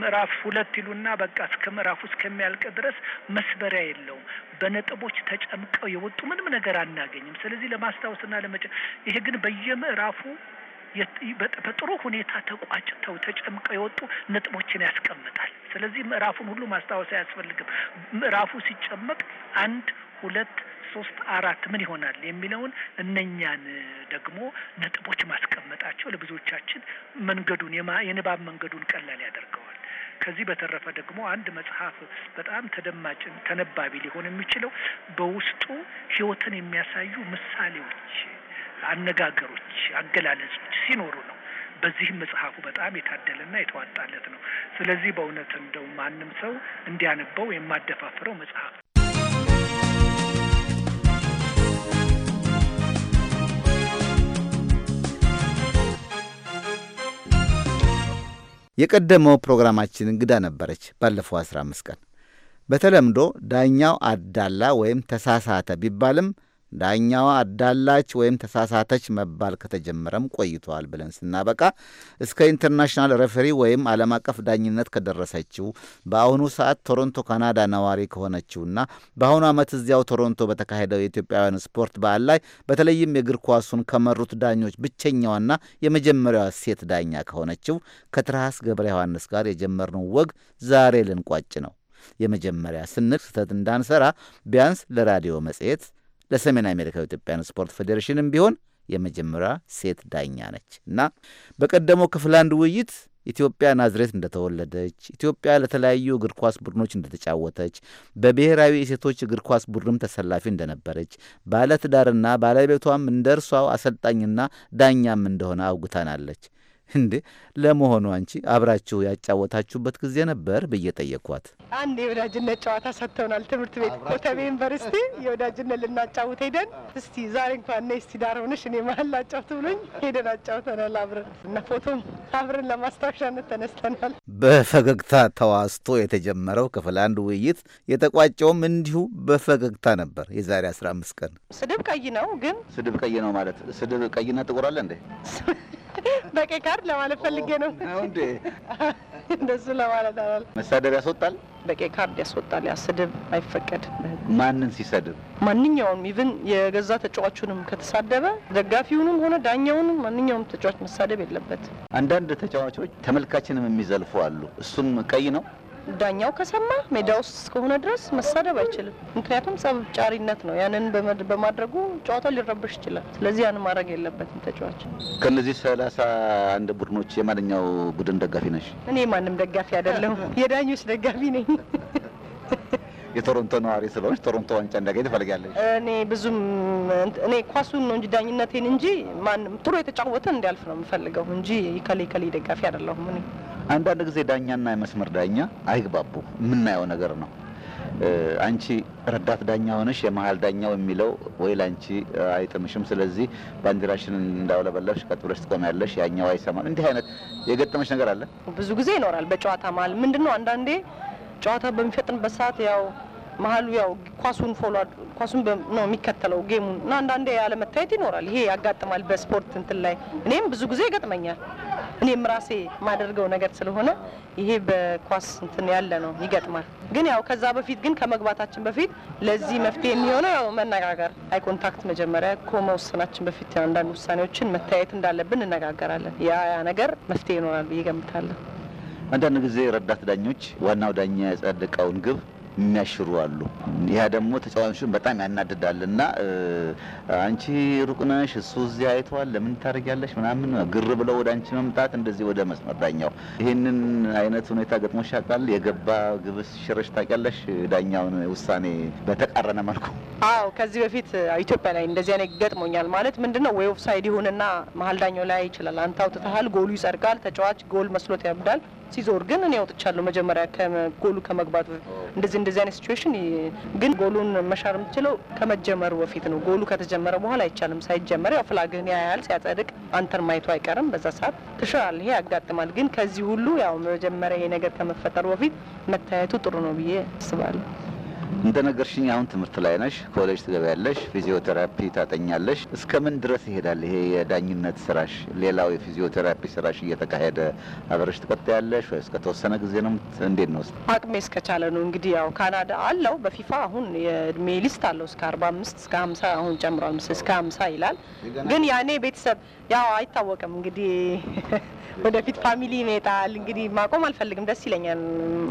ምዕራፍ ሁለት ይሉና በቃ እስከ ምዕራፉ እስከሚያልቅ ድረስ መስበሪያ የለውም። በነጥቦች ተጨምቀው የወጡ ምንም ነገር አናገኝም። ስለዚህ ለማስታወስና ለመጨ ይሄ ግን በየምዕራፉ በጥሩ ሁኔታ ተቋጭተው ተጨምቀው የወጡ ነጥቦችን ያስቀምጣል። ስለዚህ ምዕራፉን ሁሉ ማስታወስ አያስፈልግም። ምዕራፉ ሲጨመቅ አንድ ሁለት ሶስት አራት ምን ይሆናል የሚለውን እነኛን ደግሞ ነጥቦች ማስቀመጣቸው ለብዙዎቻችን መንገዱን የንባብ መንገዱን ቀላል ያደርገዋል። ከዚህ በተረፈ ደግሞ አንድ መጽሐፍ በጣም ተደማጭ ተነባቢ ሊሆን የሚችለው በውስጡ ህይወትን የሚያሳዩ ምሳሌዎች፣ አነጋገሮች፣ አገላለጾች ሲኖሩ ነው። በዚህም መጽሐፉ በጣም የታደለና የተዋጣለት ነው። ስለዚህ በእውነት እንደው ማንም ሰው እንዲያነበው የማደፋፍረው መጽሐፍ ነው። የቀደመው ፕሮግራማችን እንግዳ ነበረች። ባለፈው 15 ቀን በተለምዶ ዳኛው አዳላ ወይም ተሳሳተ ቢባልም ዳኛዋ አዳላች ወይም ተሳሳተች መባል ከተጀመረም ቆይተዋል ብለን ስናበቃ እስከ ኢንተርናሽናል ረፈሪ ወይም ዓለም አቀፍ ዳኝነት ከደረሰችው በአሁኑ ሰዓት ቶሮንቶ ካናዳ ነዋሪ ከሆነችውና በአሁኑ ዓመት እዚያው ቶሮንቶ በተካሄደው የኢትዮጵያውያን ስፖርት በዓል ላይ በተለይም የእግር ኳሱን ከመሩት ዳኞች ብቸኛዋና የመጀመሪያዋ ሴት ዳኛ ከሆነችው ከትርሃስ ገብረ ዮሐንስ ጋር የጀመርነው ወግ ዛሬ ልንቋጭ ነው። የመጀመሪያ ስንል ስህተት እንዳንሰራ ቢያንስ ለራዲዮ መጽሔት ለሰሜን አሜሪካ ኢትዮጵያን ስፖርት ፌዴሬሽንም ቢሆን የመጀመሪያ ሴት ዳኛ ነች እና በቀደመው ክፍል አንድ ውይይት ኢትዮጵያ ናዝሬት እንደተወለደች፣ ኢትዮጵያ ለተለያዩ እግር ኳስ ቡድኖች እንደተጫወተች፣ በብሔራዊ የሴቶች እግር ኳስ ቡድንም ተሰላፊ እንደነበረች፣ ባለትዳርና ባለቤቷም እንደ እርሷው አሰልጣኝና ዳኛም እንደሆነ አውግታናለች። እንዴ ለመሆኑ አንቺ አብራችሁ ያጫወታችሁበት ጊዜ ነበር ብዬ ጠየቅኳት። አንድ የወዳጅነት ጨዋታ ሰጥተውናል። ትምህርት ቤት ኮተቤ ዩኒቨርሲቲ የወዳጅነት ልናጫውት ሄደን እስቲ ዛሬ እንኳን ነይ እስቲ ዳር ሆነሽ እኔ መሀል ላጫውት ብሎኝ ሄደን አጫውተናል አብረን እና ፎቶም አብረን ለማስታወሻነት ተነስተናል። በፈገግታ ተዋስቶ የተጀመረው ክፍል አንድ ውይይት የተቋጨውም እንዲሁ በፈገግታ ነበር። የዛሬ 15 ቀን ስድብ ቀይ ነው ግን ስድብ ቀይ ነው ማለት ስድብ ቀይና ጥቁር አለ እንዴ? በቀይ ጋር ለማለት ፈልጌ ነው እንዴ? እንደሱ ለማለት አላል። መሳደብ ያስወጣል፣ በቀይ ካርድ ያስወጣል። ያስድብ አይፈቀድ። ማንን ሲሰድብ? ማንኛውም ኢቭን የገዛ ተጫዋቹንም ከተሳደበ ደጋፊውንም ሆነ ዳኛውንም ማንኛውም ተጫዋች መሳደብ የለበት። አንዳንድ ተጫዋቾች ተመልካችንም የሚዘልፉ አሉ። እሱም ቀይ ነው ዳኛው ከሰማ ሜዳ ውስጥ እስከሆነ ድረስ መሳደብ አይችልም። ምክንያቱም ጸብ ጫሪነት ነው። ያንን በማድረጉ ጨዋታ ሊረብሽ ይችላል። ስለዚህ ያን ማድረግ የለበትም ተጫዋች። ከነዚህ ሰላሳ አንድ ቡድኖች የማንኛው ቡድን ደጋፊ ነሽ? እኔ ማንም ደጋፊ አይደለም፣ የዳኞች ደጋፊ ነኝ። የቶሮንቶ ነዋሪ ስለሆንሽ ቶሮንቶ ዋንጫ እንዳገኝ ትፈልጋለሽ? እኔ ብዙም እኔ ኳሱን ነው እንጂ ዳኝነቴን እንጂ ማንም ጥሩ የተጫወተ እንዲያልፍ ነው የምፈልገው እንጂ ከሌ ከሌ ደጋፊ አይደለሁም። እኔ አንዳንድ ጊዜ ዳኛና የመስመር ዳኛ አይግባቡ የምናየው ነገር ነው። አንቺ ረዳት ዳኛ ሆነሽ የመሀል ዳኛው የሚለው ወይ ለአንቺ አይጥምሽም። ስለዚህ ባንዲራሽን እንዳውለበለብሽ ቀጥ ብለሽ ትቆሚያለሽ፣ ያኛው አይሰማም። እንዲህ አይነት የገጠመች ነገር አለ? ብዙ ጊዜ ይኖራል በጨዋታ መሀል ምንድን ነው አንዳንዴ ጨዋታ በሚፈጥንበት ሰዓት ያው መሀሉ ያው ኳሱን ፎሎ ኳሱን ነው የሚከተለው ጌሙን እና አንዳንዴ ያለመታየት ይኖራል። ይሄ ያጋጥማል በስፖርት እንትን ላይ እኔም ብዙ ጊዜ ይገጥመኛል። እኔም ራሴ የማደርገው ነገር ስለሆነ ይሄ በኳስ እንትን ያለ ነው ይገጥማል። ግን ያው ከዛ በፊት ግን ከመግባታችን በፊት ለዚህ መፍትሄ የሚሆነው ያው መነጋገር፣ አይ ኮንታክት መጀመሪያ ከመወሰናችን በፊት አንዳንድ ውሳኔዎችን መታየት እንዳለብን እነጋገራለን። ያ ያ ነገር መፍትሄ ይኖራል ብዬ እገምታለሁ። አንዳንድ ጊዜ ረዳት ዳኞች ዋናው ዳኛ ያጸደቀውን ግብ የሚያሽሩ አሉ። ያ ደግሞ ተጫዋቾችን በጣም ያናድዳል እና አንቺ ሩቅነሽ እሱ እዚህ አይተዋል ለምን ታደርጊያለሽ ምናምን ግር ብለው ወደ አንቺ መምጣት እንደዚህ ወደ መስመር ዳኛው ይህንን አይነት ሁኔታ ገጥሞሽ ያውቃል? የገባ ግብስ ሽረሽ ታውቂያለሽ? ዳኛውን ውሳኔ በተቃረነ መልኩ። አዎ ከዚህ በፊት ኢትዮጵያ ላይ እንደዚህ አይነት ገጥሞኛል። ማለት ምንድን ነው ወይ ኦፍሳይድ ይሁንና መሀል ዳኛው ላይ ይችላል። አንተ አውጥተሃል፣ ጎሉ ይጸድቃል፣ ተጫዋች ጎል መስሎት ያብዳል ሲዞር ግን እኔ ያውጥቻለሁ። መጀመሪያ ከመግባት ከመግባቱ እንደዚህ እንደዚህ አይነት ሲትዌሽን ግን ጎሉን መሻር የምችለው ከመጀመሩ በፊት ነው። ጎሉ ከተጀመረ በኋላ አይቻልም። ሳይጀመር ያው ፍላግህን ያያል ሲያጸድቅ፣ አንተን ማየቱ አይቀርም። በዛ ሰዓት ትሽራል። ይሄ ያጋጥማል። ግን ከዚህ ሁሉ ያው መጀመሪያ ይሄ ነገር ከመፈጠሩ በፊት መታየቱ ጥሩ ነው ብዬ አስባለሁ። እንደነገርሽኝ አሁን ትምህርት ላይ ነሽ፣ ኮሌጅ ትገቢያለሽ፣ ፊዚዮቴራፒ ታጠኛለሽ። እስከ ምን ድረስ ይሄዳል ይሄ የዳኝነት ስራሽ? ሌላው የፊዚዮቴራፒ ስራሽ እየተካሄደ አብረሽ ትቀጥያለሽ እስከ ተወሰነ ጊዜ ነው? እንዴት ነው? አቅሜ እስከቻለ ነው። እንግዲህ ያው ካናዳ አለው በፊፋ አሁን የእድሜ ሊስት አለው እስከ አርባ አምስት እስከ ሀምሳ አሁን ጨምሯል፣ እስከ ሀምሳ ይላል። ግን ያኔ ቤተሰብ ያው አይታወቅም እንግዲህ *laughs* ወደፊት ፋሚሊ ይመጣል። እንግዲህ ማቆም አልፈልግም፣ ደስ ይለኛል።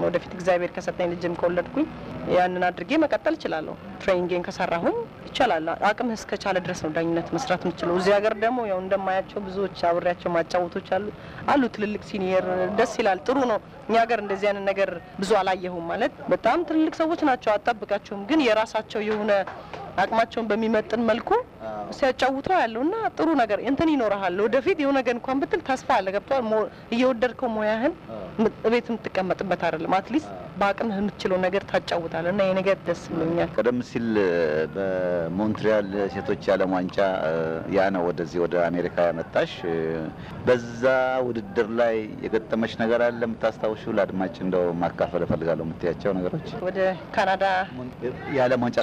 ወደፊት እግዚአብሔር ከሰጠኝ ልጅም ከወለድኩኝ ያንን አድርጌ መቀጠል እችላለሁ። ትሬኒንግን ከሰራሁኝ ይቻላል። አቅም እስከቻለ ድረስ ነው ዳኝነት መስራት የምችለው። እዚህ ሀገር ደግሞ ያው እንደማያቸው ብዙዎች አብሬያቸው ማጫወቶች አሉ አሉ ትልልቅ ሲኒየር፣ ደስ ይላል፣ ጥሩ ነው። እኛ ሀገር እንደዚህ አይነት ነገር ብዙ አላየሁም። ማለት በጣም ትልልቅ ሰዎች ናቸው አጠብቃቸውም፣ ግን የራሳቸው የሆነ አቅማቸውን በሚመጥን መልኩ ሲያጫውቱ ያለው ጥሩ ነገር እንትን ይኖረሃል። ወደፊት የሆነ ነገር እንኳን ብትል ተስፋ አለ። ገብቷል። እየወደድከው ሙያህን ቤት የምትቀመጥበት አይደለም። አትሊስት በአቅምህ የምትችለው ነገር ታጫውታለህ እና ይህ ነገር ደስ ብሎኛል። ቀደም ሲል በሞንትሪያል ሴቶች የዓለም ዋንጫ ያ ነው ወደዚህ ወደ አሜሪካ ያመጣሽ። በዛ ውድድር ላይ የገጠመች ነገር አለ የምታስታውሽው? ለአድማጭ እንደው ማካፈል እፈልጋለሁ የምትያቸው ነገሮች ወደ ካናዳ የዓለም ዋንጫ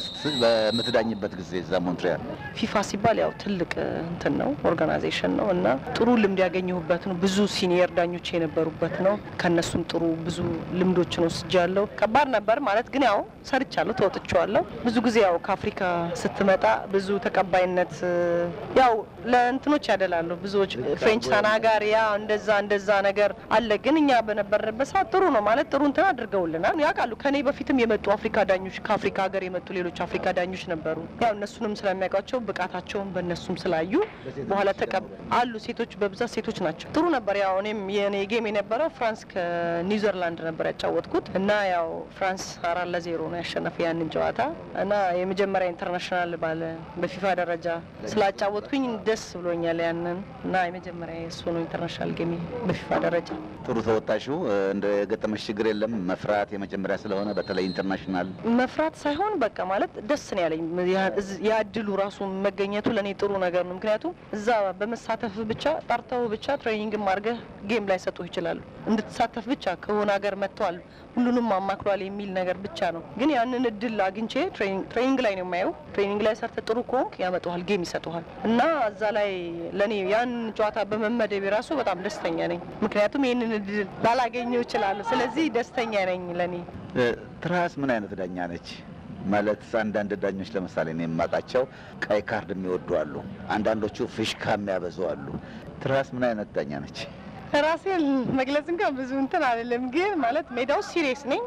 በምንቃኝበት ጊዜ እዛ ሞንትሪያል ፊፋ ሲባል ያው ትልቅ እንትን ነው ኦርጋናይዜሽን ነው እና ጥሩ ልምድ ያገኘሁበት ነው። ብዙ ሲኒየር ዳኞች የነበሩበት ነው። ከነሱም ጥሩ ብዙ ልምዶችን ወስጃለሁ። ከባድ ነበር ማለት ግን ያው ሰርቻለሁ፣ ተወጥቸዋለሁ ብዙ ጊዜ ያው ከአፍሪካ ስትመጣ ብዙ ተቀባይነት ያው ለእንትኖች ያደላሉ። ብዙዎች ፍሬንች ተናጋሪ ያ እንደዛ እንደዛ ነገር አለ። ግን እኛ በነበርንበት ሰት ጥሩ ነው ማለት ጥሩ እንትን አድርገውልናል። ያውቃሉ ከኔ በፊትም የመጡ አፍሪካ ዳኞች ከአፍሪካ ሀገር የመጡ ሌሎች አፍሪካ ዳኞች ነበሩ። ነበሩ። ያው እነሱንም ስለሚያውቋቸው ብቃታቸውን በእነሱም ስላዩ በኋላ ተቀአሉ። ሴቶች በብዛት ሴቶች ናቸው። ጥሩ ነበር። ያው እኔም የኔ ጌም የነበረው ፍራንስ ከኒውዘርላንድ ነበር ያጫወትኩት እና ያው ፍራንስ አራት ለዜሮ ነው ያሸነፈ ያንን ጨዋታ እና የመጀመሪያ ኢንተርናሽናል ባለ በፊፋ ደረጃ ስላጫወትኩኝ ደስ ብሎኛል። ያንን እና የመጀመሪያ የእሱ ነው ኢንተርናሽናል ጌም በፊፋ ደረጃ። ጥሩ ተወጣሹ እንደ ገጠመሽ ችግር የለም መፍራት የመጀመሪያ ስለሆነ በተለይ ኢንተርናሽናል መፍራት ሳይሆን በቃ ማለት ደስ ነው ያለኝ ያድሉ እድሉ ራሱ መገኘቱ ለእኔ ጥሩ ነገር ነው። ምክንያቱም እዛ በመሳተፍ ብቻ ጠርተው ብቻ ትሬኒንግም አድርገህ ጌም ላይ ሰጡ ይችላሉ። እንድትሳተፍ ብቻ ከሆነ ሀገር መጥተዋል ሁሉንም አማክሏል የሚል ነገር ብቻ ነው። ግን ያንን እድል አግኝቼ ትሬኒንግ ላይ ነው የማየው። ትሬኒንግ ላይ ሰርተ ጥሩ ከሆንክ ያመጡሃል፣ ጌም ይሰጡሃል። እና እዛ ላይ ለእኔ ያን ጨዋታ በመመደብ የራሱ በጣም ደስተኛ ነኝ። ምክንያቱም ይህንን እድል ላላገኘው ይችላሉ። ስለዚህ ደስተኛ ነኝ። ለእኔ ትራስ ምን አይነት ዳኛ ነች? ማለት አንዳንድ ዳኞች ለምሳሌ እኔ የማውቃቸው፣ ቀይ ካርድ የሚወዱ አሉ። አንዳንዶቹ ፊሽካ የሚያበዙ አሉ። ትራስ ምን አይነት ዳኛ ነች? ራሴን መግለጽ እንኳን ብዙ እንትን አይደለም፣ ግን ማለት ሜዳው ሲሪየስ ነኝ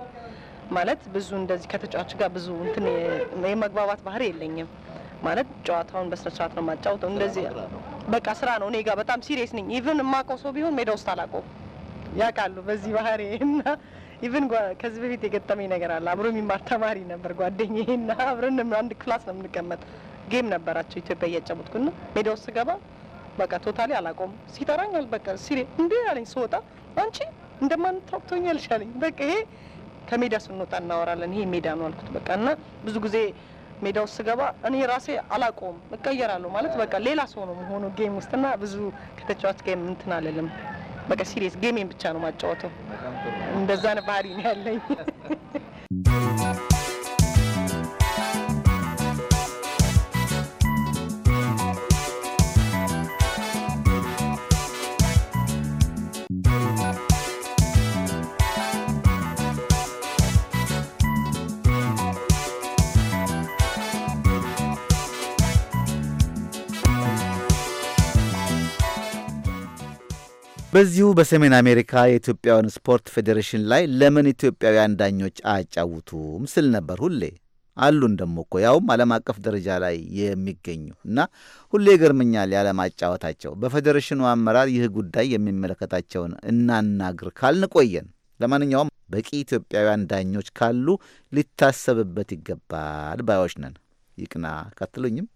ማለት ብዙ እንደዚህ ከተጫዋች ጋር ብዙ እንትን የመግባባት ባህሪ የለኝም። ማለት ጨዋታውን በስነስርዓት ነው የማጫወተው። እንደዚህ በቃ ስራ ነው እኔ ጋር በጣም ሲሪየስ ነኝ። ኢቭን የማውቀው ሰው ቢሆን ሜዳ ውስጥ አላውቀውም። ያውቃሉ በዚህ ባህሪ እና ኢቨን ከዚህ በፊት የገጠመኝ ነገር አለ። አብሮ የሚማር ተማሪ ነበር ጓደኛዬና አብረን አንድ ክላስ ነው የምንቀመጥ። ጌም ነበራቸው ኢትዮጵያ እያጫወትኩና ሜዳ ውስጥ ስገባ በቃ ቶታሊ አላቆም ሲጠራኝ በቃ ሲ እንዴ አለኝ። ስወጣ አንቺ እንደማንታወቅ ትሆኛለሽ አለኝ። በቃ ይሄ ከሜዳ ስንወጣ እናወራለን። ይሄ ሜዳ ነው አልኩት። በቃ እና ብዙ ጊዜ ሜዳ ውስጥ ስገባ እኔ ራሴ አላቆም እቀየራለሁ። ማለት በቃ ሌላ ሰው ነው መሆኑ ጌም ውስጥና ብዙ ከተጫዋች ጌም እንትን አለልም። በቃ ሲሪየስ ጌሜን ብቻ ነው ማጫወተው። Does anybody in that *laughs* በዚሁ በሰሜን አሜሪካ የኢትዮጵያውያን ስፖርት ፌዴሬሽን ላይ ለምን ኢትዮጵያውያን ዳኞች አያጫውቱም ስል ነበር። ሁሌ አሉን ደግሞ እኮ ያውም ዓለም አቀፍ ደረጃ ላይ የሚገኙ እና ሁሌ ይገርመኛል ያለማጫወታቸው። በፌዴሬሽኑ አመራር ይህ ጉዳይ የሚመለከታቸውን እናናግር ካልን ቆየን። ለማንኛውም በቂ ኢትዮጵያውያን ዳኞች ካሉ ሊታሰብበት ይገባል ባዮች ነን። ይቅና ካትሉኝም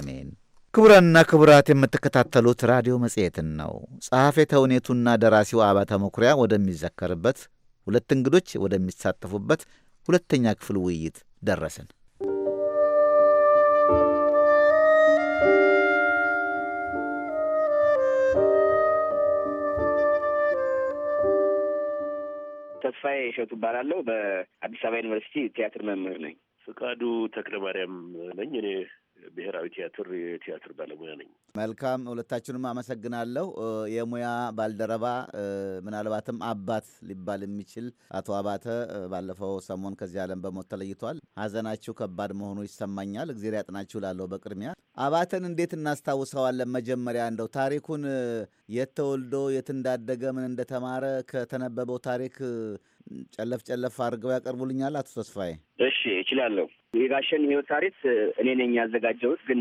አሜን። ክቡራንና ክቡራት የምትከታተሉት ራዲዮ መጽሔትን ነው። ጸሐፌ ተውኔቱና ደራሲው አባተ መኩሪያ ወደሚዘከርበት፣ ሁለት እንግዶች ወደሚሳተፉበት ሁለተኛ ክፍል ውይይት ደረስን። ተስፋዬ እሸቱ እባላለሁ። በአዲስ አበባ ዩኒቨርሲቲ ቲያትር መምህር ነኝ። ፍቃዱ ተክለማርያም ነኝ። እኔ ብሔራዊ ቲያትር የቲያትር ባለሙያ ነኝ። መልካም፣ ሁለታችሁንም አመሰግናለሁ። የሙያ ባልደረባ ምናልባትም አባት ሊባል የሚችል አቶ አባተ ባለፈው ሰሞን ከዚህ ዓለም በሞት ተለይቷል። ሀዘናችሁ ከባድ መሆኑ ይሰማኛል። እግዜር ያጥናችሁ ላለሁ በቅድሚያ አባተን እንዴት እናስታውሰዋለን? መጀመሪያ እንደው ታሪኩን የት ተወልዶ የት እንዳደገ ምን እንደተማረ ከተነበበው ታሪክ ጨለፍ ጨለፍ አድርገው ያቀርቡልኛል። አቶ ተስፋዬ እሺ፣ እችላለሁ። የጋሸን ህይወት ታሪክ እኔ ነኝ ያዘጋጀሁት፣ ግን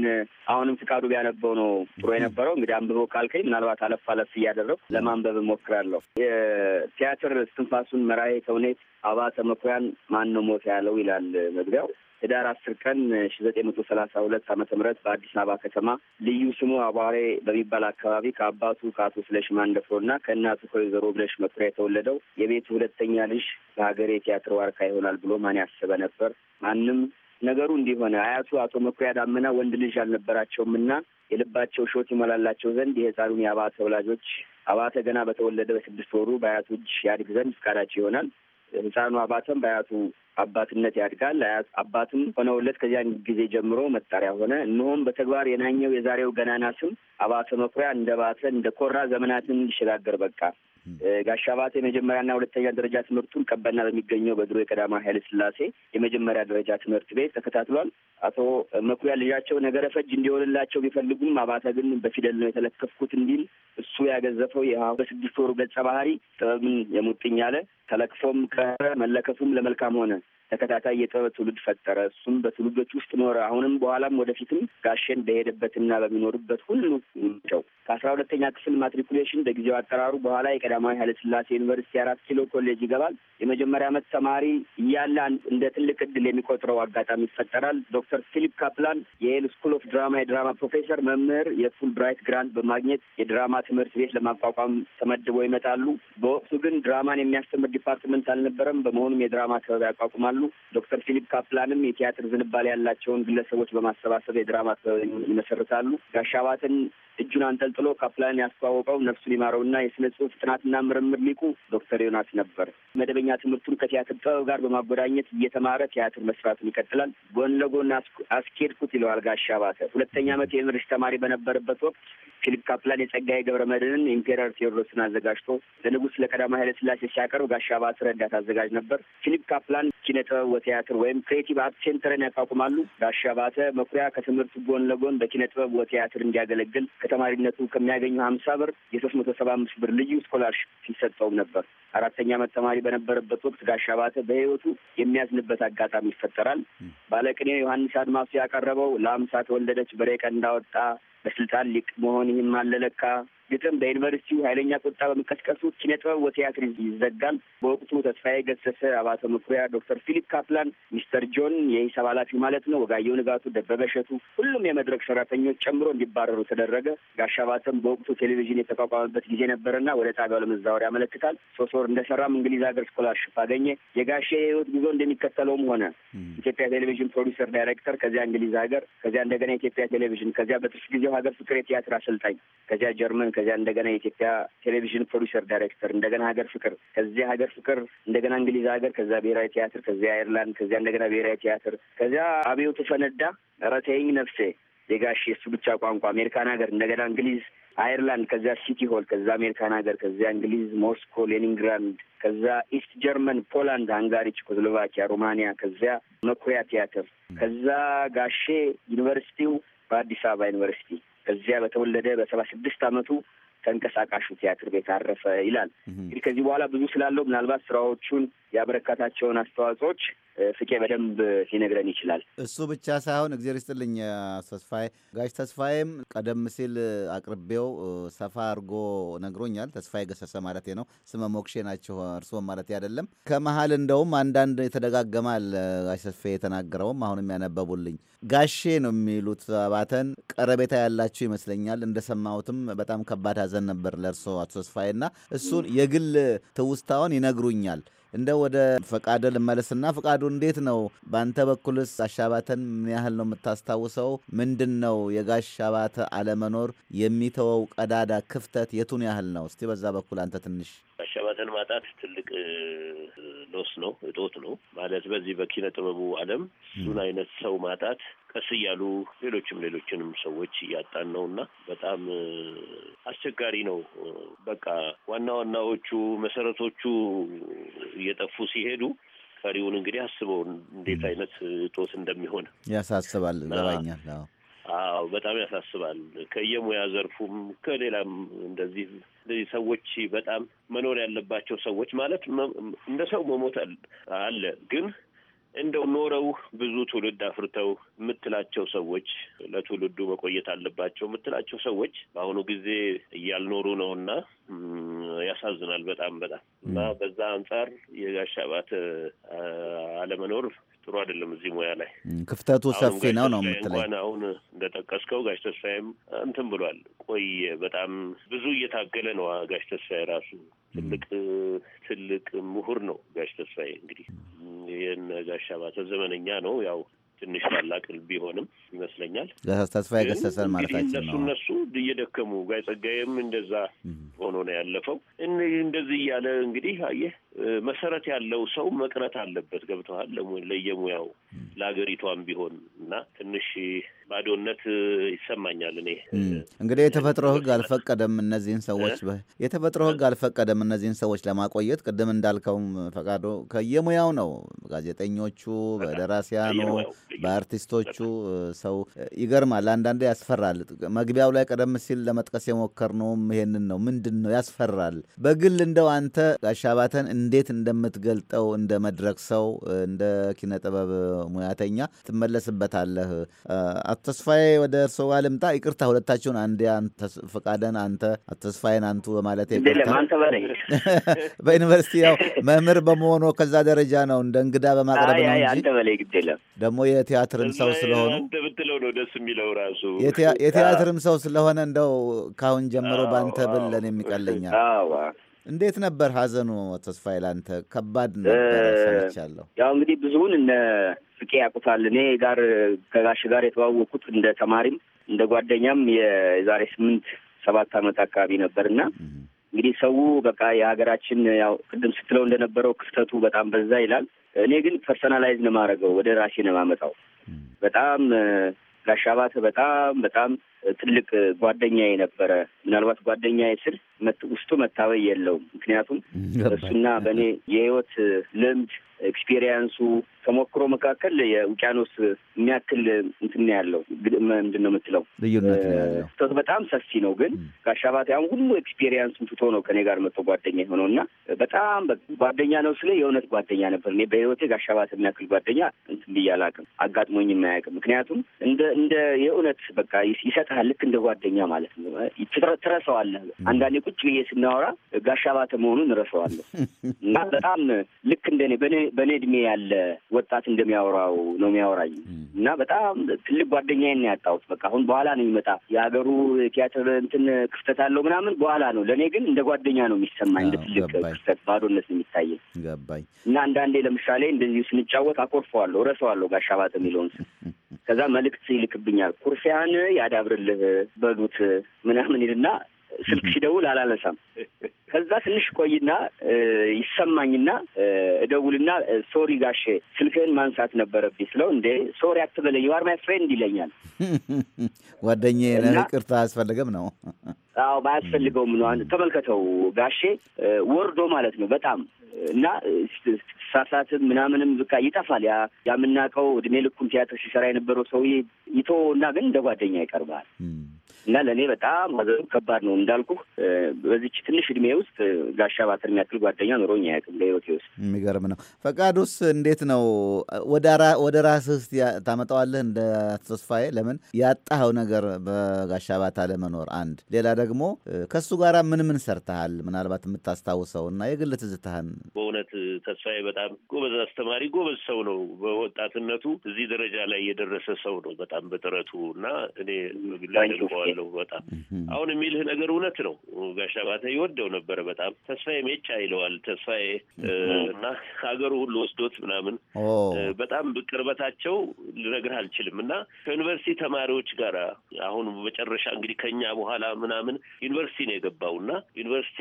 አሁንም ፍቃዱ ቢያነበው ነው ጥሩ የነበረው። እንግዲህ አንብቦ ካልከኝ ምናልባት አለፍ አለፍ እያደረኩ ለማንበብ እሞክራለሁ። የቲያትር እስትንፋሱን መራሄ ተውኔት አባተ መኩሪያን ማን ነው ሞት ያለው ይላል መግቢያው። ህዳር አስር ቀን ሺ ዘጠኝ መቶ ሰላሳ ሁለት ዓመተ ምህረት በአዲስ አበባ ከተማ ልዩ ስሙ አቧሬ በሚባል አካባቢ ከአባቱ ከአቶ ስለሽ ማንደፍሮ እና ከእናቱ ከወይዘሮ ብለሽ መኩሪያ የተወለደው የቤቱ ሁለተኛ ልጅ በሀገሬ ቲያትር ዋርካ ይሆናል ብሎ ማን ያሰበ ነበር? ማንም። ነገሩ እንዲሆነ አያቱ አቶ መኩሪያ ዳመና ወንድ ልጅ አልነበራቸውም የልባቸው ሾት ይሞላላቸው ዘንድ የህፃኑን የአባተ ወላጆች አባተ ገና በተወለደ በስድስት ወሩ በአያቱ እጅ ያድግ ዘንድ ፍቃዳቸው ይሆናል። ህፃኑ አባተም በአያቱ አባትነት ያድጋል። አባትም ሆነውለት ከዚያን ጊዜ ጀምሮ መጠሪያ ሆነ። እነሆም በተግባር የናኘው የዛሬው ገናና ስም አባተ መኩሪያ እንደ ባተ እንደ ኮራ ዘመናትን ሊሸጋገር በቃ። ጋሻባተ የመጀመሪያና ሁለተኛ ደረጃ ትምህርቱን ቀበና በሚገኘው በድሮ የቀዳማ ኃይለ ስላሴ የመጀመሪያ ደረጃ ትምህርት ቤት ተከታትሏል። አቶ መኩሪያ ልጃቸው ነገረ ፈጅ እንዲሆንላቸው ቢፈልጉም አባተ ግን በፊደል ነው የተለከፍኩት እንዲል እሱ ያገዘፈው በስድስት ወሩ ገጸ ባህሪ ጥበብን የሙጥኝ አለ ተለክፎም ቀረ መለከፉም ለመልካም ሆነ ተከታታይ የጥበብ ትውልድ ፈጠረ። እሱም በትውልዶች ውስጥ ኖረ። አሁንም በኋላም ወደፊትም ጋሼን በሄደበትና በሚኖርበት ሁሉ ጨው ከአስራ ሁለተኛ ክፍል ማትሪኩሌሽን በጊዜው አጠራሩ በኋላ የቀዳማዊ ኃይለስላሴ ዩኒቨርሲቲ አራት ኪሎ ኮሌጅ ይገባል። የመጀመሪያ ዓመት ተማሪ እያለ እንደ ትልቅ እድል የሚቆጥረው አጋጣሚ ይፈጠራል። ዶክተር ፊሊፕ ካፕላን የኤል ስኩል ኦፍ ድራማ የድራማ ፕሮፌሰር መምህር የፉል ብራይት ግራንት በማግኘት የድራማ ትምህርት ቤት ለማቋቋም ተመድበው ይመጣሉ። በወቅቱ ግን ድራማን የሚያስተምር ዲፓርትመንት አልነበረም። በመሆኑም የድራማ ክበብ ያቋቁማሉ። ይችላሉ። ዶክተር ፊሊፕ ካፕላንም የቲያትር ዝንባሌ ያላቸውን ግለሰቦች በማሰባሰብ የድራማ ይመሰርታሉ። ጋሻ እጁን አንጠልጥሎ ካፕላን ያስተዋወቀው ነፍሱን ይማረውና የስነ ጽሁፍ ጥናትና ምርምር ሊቁ ዶክተር ዮናስ ነበር። መደበኛ ትምህርቱን ከቲያትር ጥበብ ጋር በማጎዳኘት እየተማረ ቲያትር መስራቱን ይቀጥላል። ጎን ለጎን አስኬድኩት ይለዋል ጋሻ ባተ። ሁለተኛ ዓመት የዩኒቨርሲቲ ተማሪ በነበረበት ወቅት ፊሊፕ ካፕላን የጸጋዬ ገብረ መድኅንን ኢምፔረር ቴዎድሮስን አዘጋጅቶ ለንጉሥ ለቀዳማዊ ኃይለ ሥላሴ ሲያቀርብ ጋሻ ባተ ረዳት አዘጋጅ ነበር። ፊሊፕ ካፕላን ኪነ የጥበብ ወቲያትር ወይም ክሬቲቭ አርት ሴንተርን ያቋቁማሉ። ጋሻ ባተ መኩሪያ ከትምህርት ጎን ለጎን በኪነ ጥበብ ወቲያትር እንዲያገለግል ከተማሪነቱ ከሚያገኙ ሀምሳ ብር የሶስት መቶ ሰባ አምስት ብር ልዩ ስኮላርሽፕ ሲሰጠውም ነበር። አራተኛ ዓመት ተማሪ በነበረበት ወቅት ጋሻ ባተ በህይወቱ የሚያዝንበት አጋጣሚ ይፈጠራል። ባለቅኔ ዮሐንስ አድማሱ ያቀረበው ለአምሳ ተወለደች በሬ እንዳወጣ በስልጣን ሊቅ መሆን ይህም አለለካ ግጥም በዩኒቨርሲቲው ኃይለኛ ቁጣ በመቀስቀሱ ኪነጥበብ ጥበብ ወቲያትር ይዘጋል። በወቅቱ ተስፋዬ ገሰሰ፣ አባተ መኩሪያ፣ ዶክተር ፊሊፕ ካፕላን፣ ሚስተር ጆን የሂሳብ ኃላፊ ማለት ነው፣ ወጋየው ንጋቱ፣ ደበበ እሸቱ ሁሉም የመድረክ ሰራተኞች ጨምሮ እንዲባረሩ ተደረገ። ጋሻ አባተም በወቅቱ ቴሌቪዥን የተቋቋመበት ጊዜ ነበርና ወደ ጣቢያው ለመዛወር ያመለክታል። ሶስት ወር እንደሰራም እንግሊዝ ሀገር ስኮላርሽፕ አገኘ። የጋሻ የህይወት ጉዞ እንደሚከተለውም ሆነ። ኢትዮጵያ ቴሌቪዥን ፕሮዲሰር ዳይሬክተር፣ ከዚያ እንግሊዝ ሀገር፣ ከዚያ እንደገና ኢትዮጵያ ቴሌቪዥን፣ ከዚያ በትርፍ ጊዜው ሀገር ፍቅር የቲያትር አሰልጣኝ፣ ከዚያ ጀርመን ከዚያ እንደገና የኢትዮጵያ ቴሌቪዥን ፕሮዲሰር ዳይሬክተር፣ እንደገና ሀገር ፍቅር፣ ከዚያ ሀገር ፍቅር እንደገና እንግሊዝ ሀገር፣ ከዛ ብሔራዊ ቲያትር፣ ከዚያ አይርላንድ ከዚያ እንደገና ብሔራዊ ቲያትር፣ ከዚያ አብዮቱ ፈነዳ። ኧረ ተይኝ ነፍሴ የጋሽ የሱ ብቻ ቋንቋ አሜሪካን ሀገር፣ እንደገና እንግሊዝ አይርላንድ ከዚያ ሲቲ ሆል፣ ከዛ አሜሪካን ሀገር፣ ከዚያ እንግሊዝ ሞስኮ፣ ሌኒንግራንድ፣ ከዛ ኢስት ጀርመን፣ ፖላንድ፣ ሃንጋሪ፣ ቼኮስሎቫኪያ፣ ሩማንያ፣ ከዚያ መኩሪያ ቲያትር፣ ከዛ ጋሼ ዩኒቨርሲቲው በአዲስ አበባ ዩኒቨርሲቲ ከዚያ በተወለደ በሰባ ስድስት ዓመቱ ተንቀሳቃሹ ቲያትር ቤት አረፈ ይላል። እንግዲህ ከዚህ በኋላ ብዙ ስላለው ምናልባት ስራዎቹን ያበረከታቸውን አስተዋጽኦች ፍቄ በደንብ ሊነግረን ይችላል። እሱ ብቻ ሳይሆን እግዜር ይስጥልኝ ተስፋዬ ጋሽ ተስፋዬም ቀደም ሲል አቅርቤው ሰፋ አድርጎ ነግሮኛል። ተስፋዬ ገሰሰ ማለት ነው። ስመ ሞክሼ ናቸው እርስዎ ማለት አይደለም። ከመሀል እንደውም አንዳንድ የተደጋገማል ጋሽ ተስፋዬ የተናገረውም አሁንም ያነበቡልኝ ጋሼ ነው የሚሉት አባተን ቀረቤታ ያላችሁ ይመስለኛል። እንደሰማሁትም በጣም ከባድ ሐዘን ነበር ለእርስዎ አቶ ተስፋዬ እና እሱን የግል ትውስታውን ይነግሩኛል። እንደ ወደ ፈቃደ ልመለስና ፈቃዱ እንዴት ነው በአንተ በኩልስ ጋሻባተን ምን ያህል ነው የምታስታውሰው? ምንድን ነው የጋሻባተ አለመኖር የሚተወው ቀዳዳ ክፍተት የቱን ያህል ነው? እስቲ በዛ በኩል አንተ ትንሽ ጋሻባተን ማጣት ትልቅ ሎስ ነው እጦት ነው ማለት በዚህ በኪነ ጥበቡ ዓለም እሱን አይነት ሰው ማጣት ቀስ እያሉ ሌሎችም ሌሎችንም ሰዎች እያጣን ነው እና በጣም አስቸጋሪ ነው። በቃ ዋና ዋናዎቹ መሰረቶቹ እየጠፉ ሲሄዱ ቀሪውን እንግዲህ አስበው እንዴት አይነት እጦት እንደሚሆን ያሳስባል። ይገባኛል። አዎ በጣም ያሳስባል። ከየሙያ ዘርፉም ከሌላም እንደዚህ ሰዎች በጣም መኖር ያለባቸው ሰዎች ማለት እንደ ሰው መሞት አለ ግን እንደው ኖረው ብዙ ትውልድ አፍርተው የምትላቸው ሰዎች ለትውልዱ መቆየት አለባቸው የምትላቸው ሰዎች በአሁኑ ጊዜ እያልኖሩ ነው እና ያሳዝናል። በጣም በጣም እና በዛ አንጻር የጋሻ ባት አለመኖር ጥሩ አይደለም። እዚህ ሙያ ላይ ክፍተቱ ሰፊ ነው ነው የምትለኝ። አሁን እንደጠቀስከው ጋሽ ተስፋዬም እንትን ብሏል። ቆየ በጣም ብዙ እየታገለ ነው ጋሽ ተስፋዬ ራሱ ትልቅ ትልቅ ምሁር ነው ጋሽ ተስፋዬ። እንግዲህ ይህን ጋሽ አባተ ዘመነኛ ነው ያው ትንሽ ታላቅ ቢሆንም ይመስለኛል ተስፋ የገሰሰን ማለታችን ነው። እነሱ እነሱ እየደከሙ ጋይ ጸጋዬም እንደዛ ሆኖ ነው ያለፈው። እንደዚህ እያለ እንግዲህ አየህ መሰረት ያለው ሰው መቅረት አለበት። ገብተዋል ለየሙያው ለሀገሪቷም ቢሆን እና ትንሽ ባዶነት ይሰማኛል። እኔ እንግዲህ የተፈጥሮ ሕግ አልፈቀደም እነዚህን ሰዎች የተፈጥሮ ሕግ አልፈቀደም እነዚህን ሰዎች ለማቆየት ቅድም እንዳልከውም ፈቃዶ ከየሙያው ነው። ጋዜጠኞቹ፣ በደራሲያኑ፣ በአርቲስቶቹ ሰው ይገርማል። አንዳንዴ ያስፈራል። መግቢያው ላይ ቀደም ሲል ለመጥቀስ የሞከርነውም ይሄንን ነው። ምንድን ነው ያስፈራል። በግል እንደው አንተ ጋሻባተን እንዴት እንደምትገልጠው እንደ መድረክ ሰው እንደ ኪነ ጥበብ ሙያተኛ ትመለስበታለህ። አተስፋዬ ወደ እርስዎ ልምጣ። ይቅርታ ሁለታችሁን አንዴ ፈቃደን አንተ አተስፋዬን አንቱ በማለት *laughs* በዩኒቨርሲቲ ያው መምህር በመሆኑ ከዛ ደረጃ ነው እንደ እንግዳ በማቅረብ ነው እንጂ ደግሞ የቲያትርም ሰው ስለሆኑ የቲያትርም ሰው ስለሆነ እንደው ካሁን ጀምሮ በአንተ ብለን የሚቀለኛል። እንዴት ነበር ሀዘኑ ተስፋዬ? ላንተ ከባድ ነበረ ሰምቻለሁ። ያው እንግዲህ ብዙውን እነ ፍቄ ያውቁታል። እኔ ጋር ከጋሽ ጋር የተዋወቁት እንደ ተማሪም እንደ ጓደኛም የዛሬ ስምንት ሰባት ዓመት አካባቢ ነበር እና እንግዲህ ሰው በቃ የሀገራችን ያው ቅድም ስትለው እንደነበረው ክፍተቱ በጣም በዛ ይላል። እኔ ግን ፐርሰናላይዝ ነው የማደርገው፣ ወደ ራሴ ነው የማመጣው። በጣም ጋሻባት በጣም በጣም ትልቅ ጓደኛ የነበረ ምናልባት ጓደኛ ስል ውስጡ መታበይ የለውም። ምክንያቱም እሱና በእኔ የህይወት ልምድ ኤክስፔሪየንሱ ተሞክሮ መካከል የውቅያኖስ የሚያክል እንትን ያለው ምንድን ነው የምትለው ልዩነት ያለው በጣም ሰፊ ነው። ግን ከአሻባት ያን ሁሉ ኤክስፔሪየንሱን ትቶ ነው ከኔ ጋር መጥቶ ጓደኛ የሆነው እና በጣም ጓደኛ ነው ስለ የእውነት ጓደኛ ነበር። እኔ በህይወቴ ከአሻባት የሚያክል ጓደኛ እንትን ብዬ አላውቅም፣ አጋጥሞኝ የማያውቅም። ምክንያቱም እንደ እንደ የእውነት በቃ ይሰጥሃል፣ ልክ እንደ ጓደኛ ማለት ነው። ትረሳዋለህ። አንዳንዴ ቁጭ ብዬ ስናወራ ጋሻባተ መሆኑን እረሳዋለሁ እና በጣም ልክ እንደኔ በእኔ በእኔ እድሜ ያለ ወጣት እንደሚያወራው ነው የሚያወራኝ እና በጣም ትልቅ ጓደኛዬን ነው ያጣሁት። በቃ አሁን በኋላ ነው የሚመጣ የሀገሩ ቲያትር እንትን ክፍተት አለው ምናምን በኋላ ነው። ለእኔ ግን እንደ ጓደኛ ነው የሚሰማኝ፣ እንደ ትልቅ ክፍተት ባዶነት ነው የሚታየኝ። ገባኝ እና አንዳንዴ ለምሳሌ እንደዚሁ ስንጫወት አኮርፈዋለሁ፣ እረሳዋለሁ ጋሻባት የሚለውን ስ ከዛ መልእክት ይልክብኛል። ኩርፊያን ያዳብርልህ በሉት ምናምን ይልና ስልክ ሲደውል አላነሳም። ከዛ ትንሽ ቆይና ይሰማኝና እደውልና ሶሪ ጋሼ ስልክህን ማንሳት ነበረብኝ ስለው እንደ ሶሪ አትበለኝ ዋር ማይ ፍሬንድ ይለኛል። *laughs* ጓደኛዬ ነህ ይቅርታ አያስፈልግም ነው። *laughs* አዎ ባያስፈልገውም ነው። ተመልከተው ጋሼ ወርዶ ማለት ነው በጣም እና ሳሳትም ምናምንም ብቃ ይጠፋል። ያ የምናውቀው እድሜ ልኩም ቲያትር ሲሰራ የነበረው ሰውዬ ይቶ እና ግን እንደ ጓደኛ ይቀርባል። እና ለእኔ በጣም ማዘኑ ከባድ ነው እንዳልኩ በዚች ትንሽ እድሜ ውስጥ ጋሻ ባትር የሚያክል ጓደኛ ኖሮኝ አያውቅም በህይወቴ ውስጥ። የሚገርም ነው። ፈቃዱስ እንዴት ነው? ወደ ራስህ ታመጣዋለህ እንደ ተስፋዬ? ለምን ያጣኸው ነገር በጋሻ ባታ ለመኖር አንድ፣ ሌላ ደግሞ ከእሱ ጋር ምን ምን ሰርተሃል? ምናልባት የምታስታውሰው እና የግል ትዝታህን። በእውነት ተስፋዬ በጣም ጎበዝ አስተማሪ፣ ጎበዝ ሰው ነው። በወጣትነቱ እዚህ ደረጃ ላይ የደረሰ ሰው ነው። በጣም በጥረቱ እና እኔ ነው በጣም አሁን የሚልህ ነገር እውነት ነው። ጋሻ ባተ ይወደው ነበረ በጣም ተስፋዬ ሜጫ ይለዋል። ተስፋዬ እና ሀገሩ ሁሉ ወስዶት ምናምን በጣም ቅርበታቸው ልነግርህ አልችልም። እና ከዩኒቨርሲቲ ተማሪዎች ጋር አሁን መጨረሻ እንግዲህ ከኛ በኋላ ምናምን ዩኒቨርሲቲ ነው የገባው እና ዩኒቨርሲቲ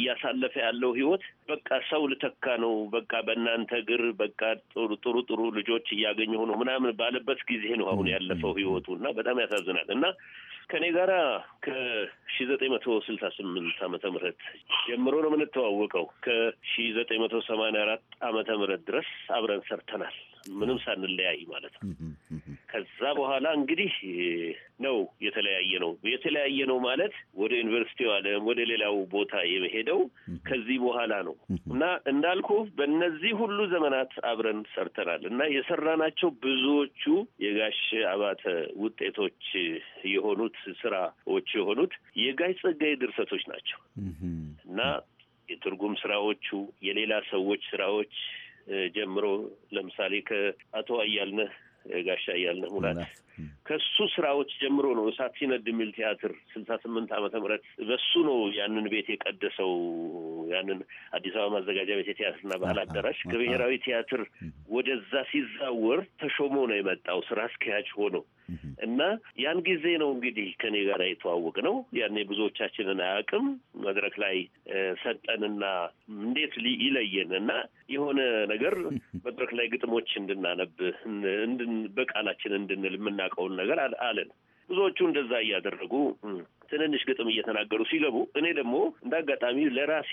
እያሳለፈ ያለው ህይወት በቃ ሰው ልተካ ነው በቃ በእናንተ እግር በቃ ጥሩ ጥሩ ልጆች እያገኘ ሆነ ምናምን ባለበት ጊዜ ነው አሁን ያለፈው ህይወቱ እና በጣም ያሳዝናል እና ከኔ ጋር ከሺ ዘጠኝ መቶ ስልሳ ስምንት አመተ ምህረት ጀምሮ ነው የምንተዋወቀው። ከሺ ዘጠኝ መቶ ሰማንያ አራት አመተ ምህረት ድረስ አብረን ሰርተናል፣ ምንም ሳንለያይ ማለት ነው። ከዛ በኋላ እንግዲህ ነው የተለያየ ነው። የተለያየ ነው ማለት ወደ ዩኒቨርሲቲው አለም ወደ ሌላው ቦታ የሄደው ከዚህ በኋላ ነው እና እንዳልኩ በእነዚህ ሁሉ ዘመናት አብረን ሰርተናል እና የሰራናቸው ብዙዎቹ የጋሽ አባተ ውጤቶች የሆኑት ስራዎች የሆኑት የጋሽ ጸጋዬ ድርሰቶች ናቸው እና የትርጉም ስራዎቹ የሌላ ሰዎች ስራዎች ጀምሮ ለምሳሌ ከአቶ አያልነህ ጋሻ እያልነህ ሙላት ከሱ ስራዎች ጀምሮ ነው እሳት ሲነድ የሚል ቲያትር ስልሳ ስምንት ዓመተ ምህረት በሱ ነው ያንን ቤት የቀደሰው ያንን አዲስ አበባ ማዘጋጃ ቤት የቲያትርና ባህል አዳራሽ ከብሔራዊ ቲያትር ወደዛ ሲዛወር ተሾሞ ነው የመጣው ስራ አስኪያጅ ሆኖ እና ያን ጊዜ ነው እንግዲህ ከኔ ጋር የተዋወቅ ነው። ያኔ ብዙዎቻችንን አያውቅም። መድረክ ላይ ሰጠንና እንዴት ይለየን እና የሆነ ነገር መድረክ ላይ ግጥሞች እንድናነብ በቃላችን እንድንል የምናውቀውን ነገር አለን። ብዙዎቹ እንደዛ እያደረጉ ትንንሽ ግጥም እየተናገሩ ሲገቡ እኔ ደግሞ እንደ አጋጣሚ ለራሴ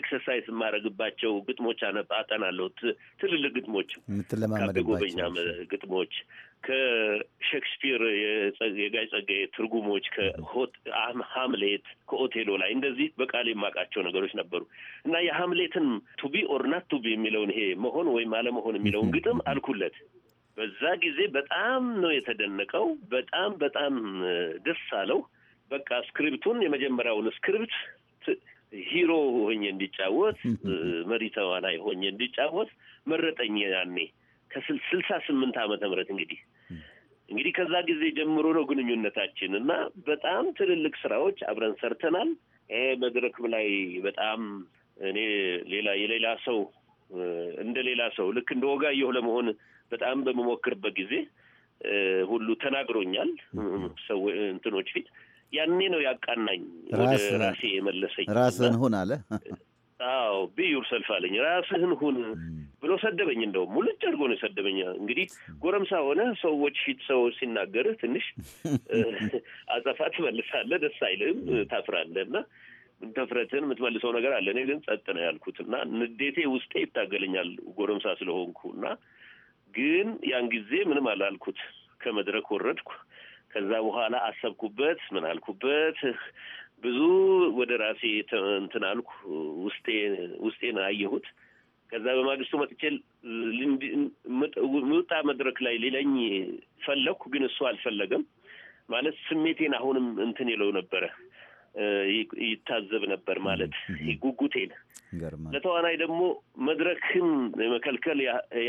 ኤክሰርሳይዝ የማደርግባቸው ግጥሞች አጠናለሁ። ትልልቅ ግጥሞች፣ ጎበኛ ግጥሞች ከሼክስፒር የጋይ ጸጋዬ ትርጉሞች ከሀምሌት ከኦቴሎ ላይ እንደዚህ በቃል የማውቃቸው ነገሮች ነበሩ እና የሀምሌትን ቱቢ ኦር ናት ቱቢ የሚለውን ይሄ መሆን ወይም አለመሆን የሚለውን ግጥም አልኩለት። በዛ ጊዜ በጣም ነው የተደነቀው። በጣም በጣም ደስ አለው። በቃ ስክሪፕቱን የመጀመሪያውን ስክሪፕት ሂሮ ሆኜ እንዲጫወት መሪ ተዋናይ ሆኜ እንዲጫወት መረጠኝ። ያኔ ከስልሳ ስምንት ዓመተ ምህረት እንግዲህ እንግዲህ ከዛ ጊዜ ጀምሮ ነው ግንኙነታችን እና በጣም ትልልቅ ስራዎች አብረን ሰርተናል። ይሄ መድረክም ላይ በጣም እኔ ሌላ የሌላ ሰው እንደ ሌላ ሰው ልክ እንደ ወጋየሁ ለመሆን በጣም በመሞክርበት ጊዜ ሁሉ ተናግሮኛል። ሰው እንትኖች ፊት ያኔ ነው ያቃናኝ፣ ወደ ራሴ የመለሰኝ። ራስህን ሁን አለ። አዎ ብዩር ሰልፍ አለኝ። ራስህን ሁን ብሎ ሰደበኝ። እንደውም ሙልጭ አድርጎ ነው የሰደበኝ። እንግዲህ ጎረምሳ ሆነ ሰዎች ፊት ሰው ሲናገርህ ትንሽ አጸፋ ትመልሳለህ፣ ደስ አይልህም፣ ታፍራለህ እና ተፍረትን የምትመልሰው ነገር አለ። እኔ ግን ጸጥ ነው ያልኩት እና ንዴቴ ውስጤ ይታገለኛል ጎረምሳ ስለሆንኩ እና ግን ያን ጊዜ ምንም አላልኩት። ከመድረክ ወረድኩ። ከዛ በኋላ አሰብኩበት። ምን አልኩበት? ብዙ ወደ ራሴ እንትን አልኩ። ውስጤ ውስጤን አየሁት። ከዛ በማግስቱ መጥቼ ምጣ መድረክ ላይ ሊለኝ ፈለግኩ፣ ግን እሱ አልፈለገም። ማለት ስሜቴን አሁንም እንትን ይለው ነበረ ይታዘብ ነበር ማለት ጉጉቴን። ለተዋናይ ደግሞ መድረክን የመከልከል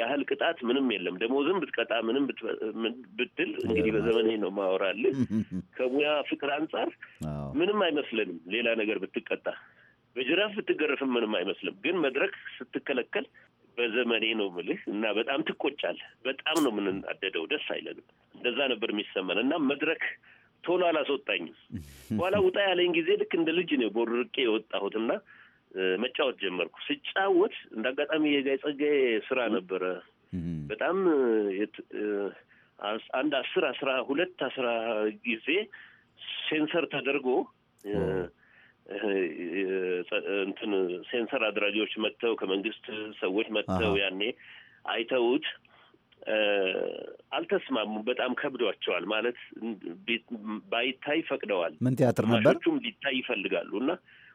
ያህል ቅጣት ምንም የለም። ደሞዝም ብትቀጣ ምንም ብትል እንግዲህ በዘመኔ ነው ማወራልህ። ከሙያ ፍቅር አንጻር ምንም አይመስለንም። ሌላ ነገር ብትቀጣ በጅራፍ ብትገረፍም ምንም አይመስልም። ግን መድረክ ስትከለከል በዘመኔ ነው ምልህ እና በጣም ትቆጫለህ። በጣም ነው የምንናደደው። ደስ አይለንም። እንደዛ ነበር የሚሰማን እና መድረክ ቶሎ አላስወጣኝም። *laughs* በኋላ ውጣ ያለኝ ጊዜ ልክ እንደ ልጅ ነው ቦርቄ የወጣሁትና መጫወት ጀመርኩ። ስጫወት እንደ አጋጣሚ የጋይ ጸጋዬ ስራ ነበረ። *laughs* በጣም አንድ አስር አስራ ሁለት አስራ ጊዜ ሴንሰር ተደርጎ እንትን ሴንሰር አድራጊዎች መጥተው ከመንግስት ሰዎች መጥተው ያኔ አይተውት አልተስማሙም። በጣም ከብዷቸዋል። ማለት ባይታይ ፈቅደዋል። ምን ቲያትር ነበር? ሊታይ ይፈልጋሉ እና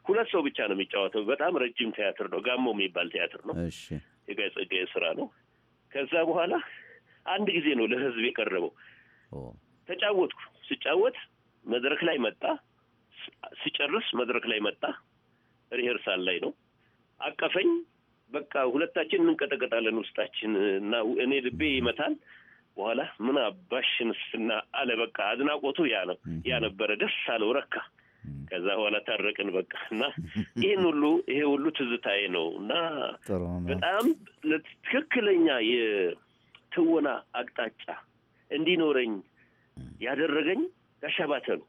ሁለት ሰው ብቻ ነው የሚጫወተው። በጣም ረጅም ቲያትር ነው። ጋሞ የሚባል ቲያትር ነው። የጋይ ስራ ነው። ከዛ በኋላ አንድ ጊዜ ነው ለህዝብ የቀረበው። ተጫወትኩ። ስጫወት መድረክ ላይ መጣ። ሲጨርስ መድረክ ላይ መጣ። ሪሄርሳል ላይ ነው። አቀፈኝ በቃ ሁለታችን እንንቀጠቀጣለን ውስጣችን እና እኔ ልቤ ይመታል። በኋላ ምን አባሽንስና አለ በቃ አድናቆቱ ያ ነው ያ ነበረ። ደስ አለው ረካ። ከዛ በኋላ ታረቅን በቃ እና ይህን ሁሉ ይሄ ሁሉ ትዝታዬ ነው እና በጣም ትክክለኛ የትወና አቅጣጫ እንዲኖረኝ ያደረገኝ ጋሽ ነው።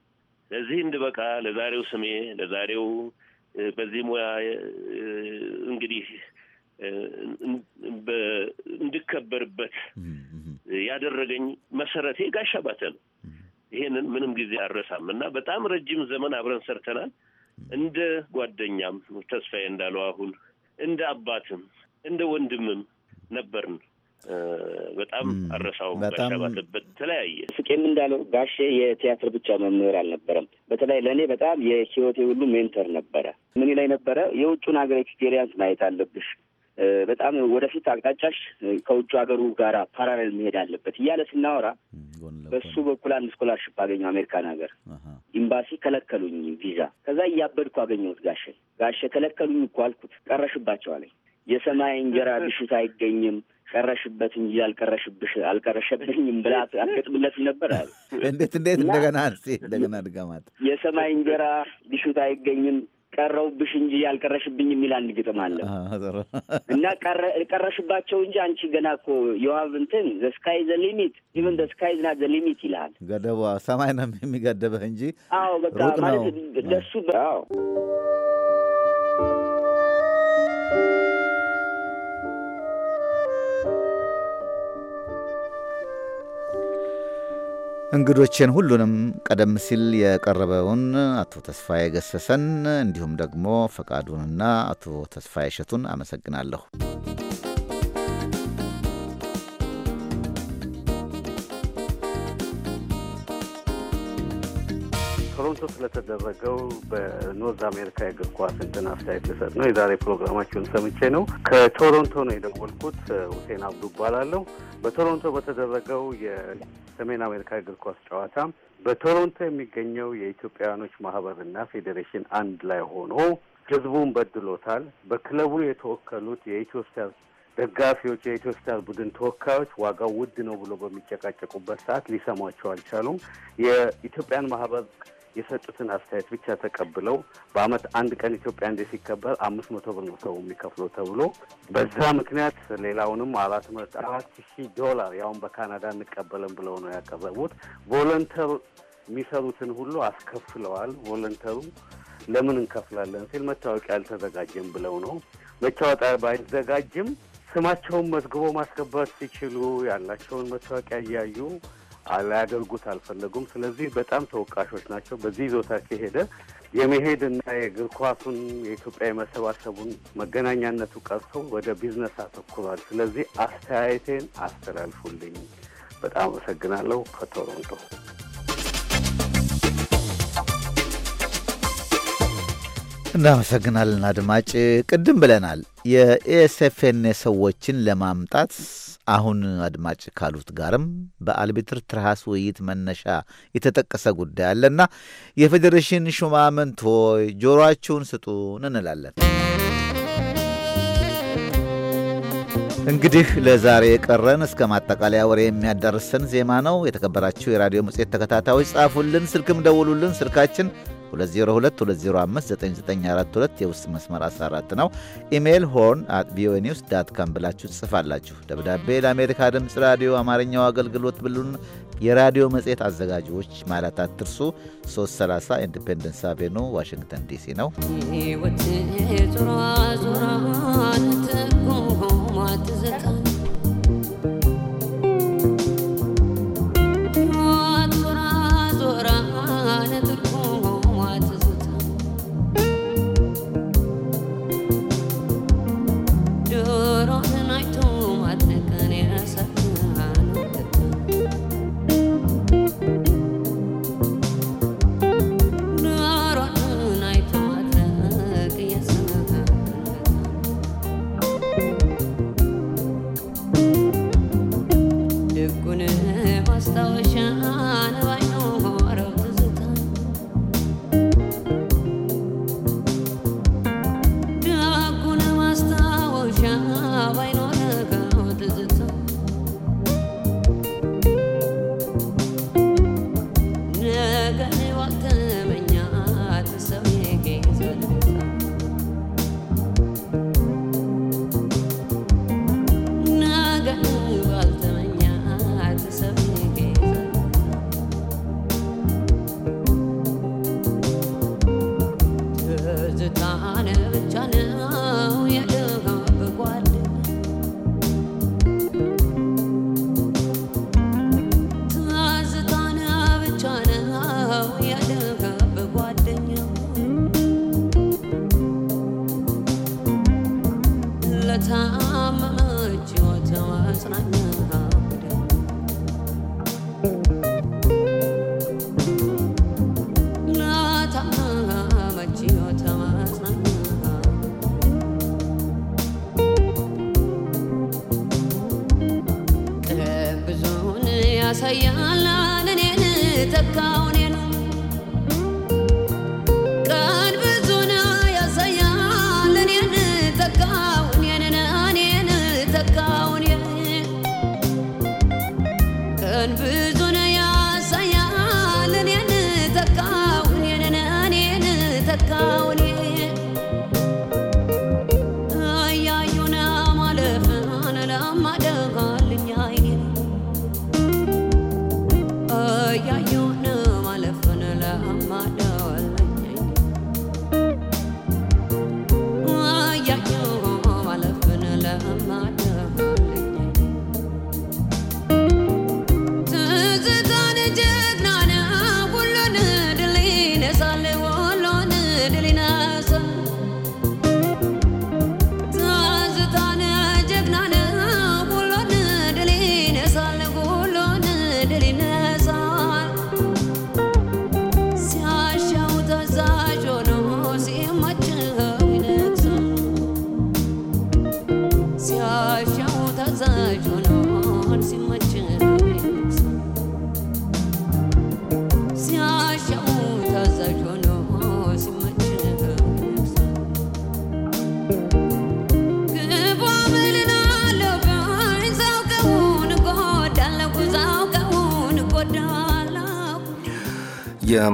ለዚህ እንድበቃ ለዛሬው ስሜ ለዛሬው በዚህ ሙያ እንግዲህ እንድከበርበት ያደረገኝ መሰረቴ ጋሻ ባተ ነው። ይሄንን ምንም ጊዜ አረሳም እና በጣም ረጅም ዘመን አብረን ሰርተናል። እንደ ጓደኛም ተስፋዬ እንዳለው አሁን እንደ አባትም እንደ ወንድምም ነበርን። በጣም አረሳው ጋሽ ተለያየ ስቄም እንዳለው ጋሼ የቲያትር ብቻ መምህር አልነበረም። በተለይ ለእኔ በጣም የህይወቴ ሁሉ ሜንተር ነበረ። ምን ላይ ነበረ? የውጭን ሀገር ኤክስፔሪንስ ማየት አለብሽ በጣም ወደፊት አቅጣጫሽ ከውጭ ሀገሩ ጋር ፓራሌል መሄድ አለበት እያለ ስናወራ በሱ በኩል አንድ ስኮላርሽፕ አገኘሁ። አሜሪካን ሀገር ኢምባሲ ከለከሉኝ ቪዛ። ከዛ እያበድኩ አገኘሁት። ጋሸ ጋሸ ከለከሉኝ እኮ አልኩት። ቀረሽባቸው አለኝ። የሰማይ እንጀራ ብሽት አይገኝም ቀረሽበት እንጂ አልቀረሽብሽ አልቀረሸብኝም ብላ አትገጥምለት ነበር አለ። እንዴት እንዴት! እንደገና እንደገና ድጋማት የሰማይ እንጀራ ብሹት አይገኝም ቀረውብሽ እንጂ ያልቀረሽብኝ የሚል አንድ ግጥም አለ እና ቀረሽባቸው እንጂ አንቺ ገና እኮ የዋብ እንትን ዘስካይ ዘ ሊሚት ኢቨን ዘስካይ ዝና ዘ ሊሚት ይልሃል። ገደቧ ሰማይ ነው የሚገደበህ እንጂ አዎ በቃ ማለት ለሱ እንግዶቼን ሁሉንም ቀደም ሲል የቀረበውን አቶ ተስፋዬ ገሰሰን እንዲሁም ደግሞ ፈቃዱንና አቶ ተስፋዬ እሸቱን አመሰግናለሁ። ስለተደረገው በኖርዝ አሜሪካ የእግር ኳስ እንትን አስተያየት ልሰጥ ነው። የዛሬ ፕሮግራማችሁን ሰምቼ ነው። ከቶሮንቶ ነው የደወልኩት። ሁሴን አብዱ እባላለሁ። በቶሮንቶ በተደረገው የሰሜን አሜሪካ የእግር ኳስ ጨዋታ በቶሮንቶ የሚገኘው የኢትዮጵያውያኖች ማህበርና ፌዴሬሽን አንድ ላይ ሆኖ ህዝቡን በድሎታል። በክለቡ የተወከሉት የኢትዮስታር ደጋፊዎች የኢትዮስታር ቡድን ተወካዮች ዋጋው ውድ ነው ብሎ በሚጨቃጨቁበት ሰዓት ሊሰሟቸው አልቻሉም። የኢትዮጵያን ማህበር የሰጡትን አስተያየት ብቻ ተቀብለው በአመት አንድ ቀን ኢትዮጵያ እንዴ ሲከበር አምስት መቶ ብር ነው ሰው የሚከፍለው ተብሎ በዛ ምክንያት ሌላውንም አራት መቶ አራት ሺህ ዶላር ያውን በካናዳ እንቀበለን ብለው ነው ያቀረቡት። ቮለንተር የሚሰሩትን ሁሉ አስከፍለዋል። ቮለንተሩ ለምን እንከፍላለን ሲል መታወቂያ አልተዘጋጀም ብለው ነው። መታወቂያ ባይዘጋጅም ስማቸውን መዝግቦ ማስገባት ሲችሉ ያላቸውን መታወቂያ እያዩ ላያደርጉት አልፈለጉም። ስለዚህ በጣም ተወቃሾች ናቸው። በዚህ ይዞታ ከሄደ የመሄድና የእግር ኳሱን የኢትዮጵያ የመሰባሰቡን መገናኛነቱ ቀርቶ ወደ ቢዝነስ አተኩሯል። ስለዚህ አስተያየቴን አስተላልፉልኝ። በጣም አመሰግናለሁ። ከቶሮንቶ እናመሰግናለን አድማጭ። ቅድም ብለናል የኤስኤፍኤን ሰዎችን ለማምጣት አሁን አድማጭ ካሉት ጋርም በአልቢትር ትርሃስ ውይይት መነሻ የተጠቀሰ ጉዳይ አለና የፌዴሬሽን ሹማምንት ሆይ ጆሮአችሁን ስጡን እንላለን። እንግዲህ ለዛሬ የቀረን እስከ ማጠቃለያ ወሬ የሚያዳርሰን ዜማ ነው። የተከበራችሁ የራዲዮ መጽሔት ተከታታዮች ጻፉልን፣ ስልክም ደውሉልን። ስልካችን 2022059942 የውስጥ መስመር 14 ነው። ኢሜይል ሆርን አት ቪኦኤ ኒውስ ዳት ካም ብላችሁ ትጽፋላችሁ። ደብዳቤ ለአሜሪካ ድምፅ ራዲዮ አማርኛው አገልግሎት ብሉን የራዲዮ መጽሔት አዘጋጆች ማለት አትርሱ። 330 ኢንዲፔንደንስ አቬኑ ዋሽንግተን ዲሲ ነው። ዙራ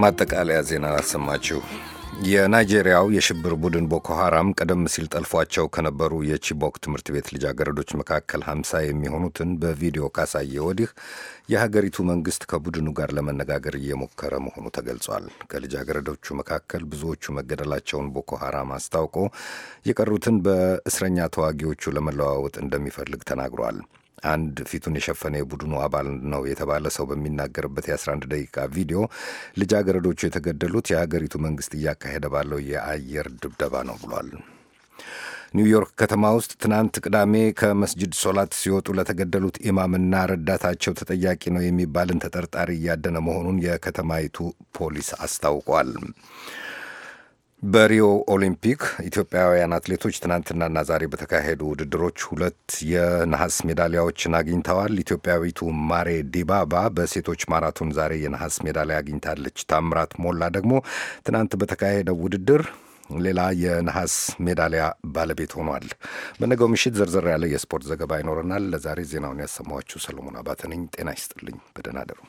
ማጠቃለያ ዜና አሰማችሁ። የናይጄሪያው የሽብር ቡድን ቦኮ ሃራም ቀደም ሲል ጠልፏቸው ከነበሩ የቺቦክ ትምህርት ቤት ልጃገረዶች መካከል ሀምሳ የሚሆኑትን በቪዲዮ ካሳየ ወዲህ የሀገሪቱ መንግስት ከቡድኑ ጋር ለመነጋገር እየሞከረ መሆኑ ተገልጿል። ከልጃገረዶቹ መካከል ብዙዎቹ መገደላቸውን ቦኮ ሃራም አስታውቆ የቀሩትን በእስረኛ ተዋጊዎቹ ለመለዋወጥ እንደሚፈልግ ተናግሯል። አንድ ፊቱን የሸፈነ የቡድኑ አባል ነው የተባለ ሰው በሚናገርበት የ11 ደቂቃ ቪዲዮ ልጃገረዶቹ የተገደሉት የሀገሪቱ መንግስት እያካሄደ ባለው የአየር ድብደባ ነው ብሏል። ኒውዮርክ ከተማ ውስጥ ትናንት ቅዳሜ ከመስጅድ ሶላት ሲወጡ ለተገደሉት ኢማምና ረዳታቸው ተጠያቂ ነው የሚባልን ተጠርጣሪ እያደነ መሆኑን የከተማይቱ ፖሊስ አስታውቋል። በሪዮ ኦሊምፒክ ኢትዮጵያውያን አትሌቶች ትናንትናና ዛሬ በተካሄዱ ውድድሮች ሁለት የነሐስ ሜዳሊያዎችን አግኝተዋል። ኢትዮጵያዊቱ ማሬ ዲባባ በሴቶች ማራቶን ዛሬ የነሐስ ሜዳሊያ አግኝታለች። ታምራት ሞላ ደግሞ ትናንት በተካሄደው ውድድር ሌላ የነሐስ ሜዳሊያ ባለቤት ሆኗል። በነገው ምሽት ዝርዝር ያለ የስፖርት ዘገባ ይኖረናል። ለዛሬ ዜናውን ያሰማኋችሁ ሰለሞን አባተ ነኝ። ጤና ይስጥልኝ። በደህና አደሩ።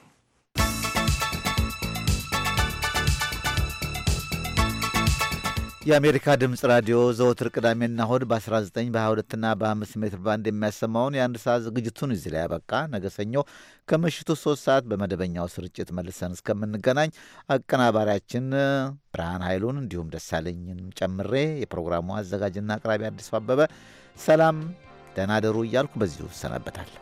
የአሜሪካ ድምፅ ራዲዮ ዘወትር ቅዳሜና እሁድ በ19 በ22ና በ 5 ሜትር ባንድ የሚያሰማውን የአንድ ሰዓት ዝግጅቱን እዚህ ላይ ያበቃ። ነገ ሰኞ ከምሽቱ 3 ሰዓት በመደበኛው ስርጭት መልሰን እስከምንገናኝ አቀናባሪያችን ብርሃን ኃይሉን እንዲሁም ደሳለኝን ጨምሬ የፕሮግራሙ አዘጋጅና አቅራቢ አዲሱ አበበ ሰላም፣ ደህና ደሩ እያልኩ በዚሁ እሰናበታለሁ።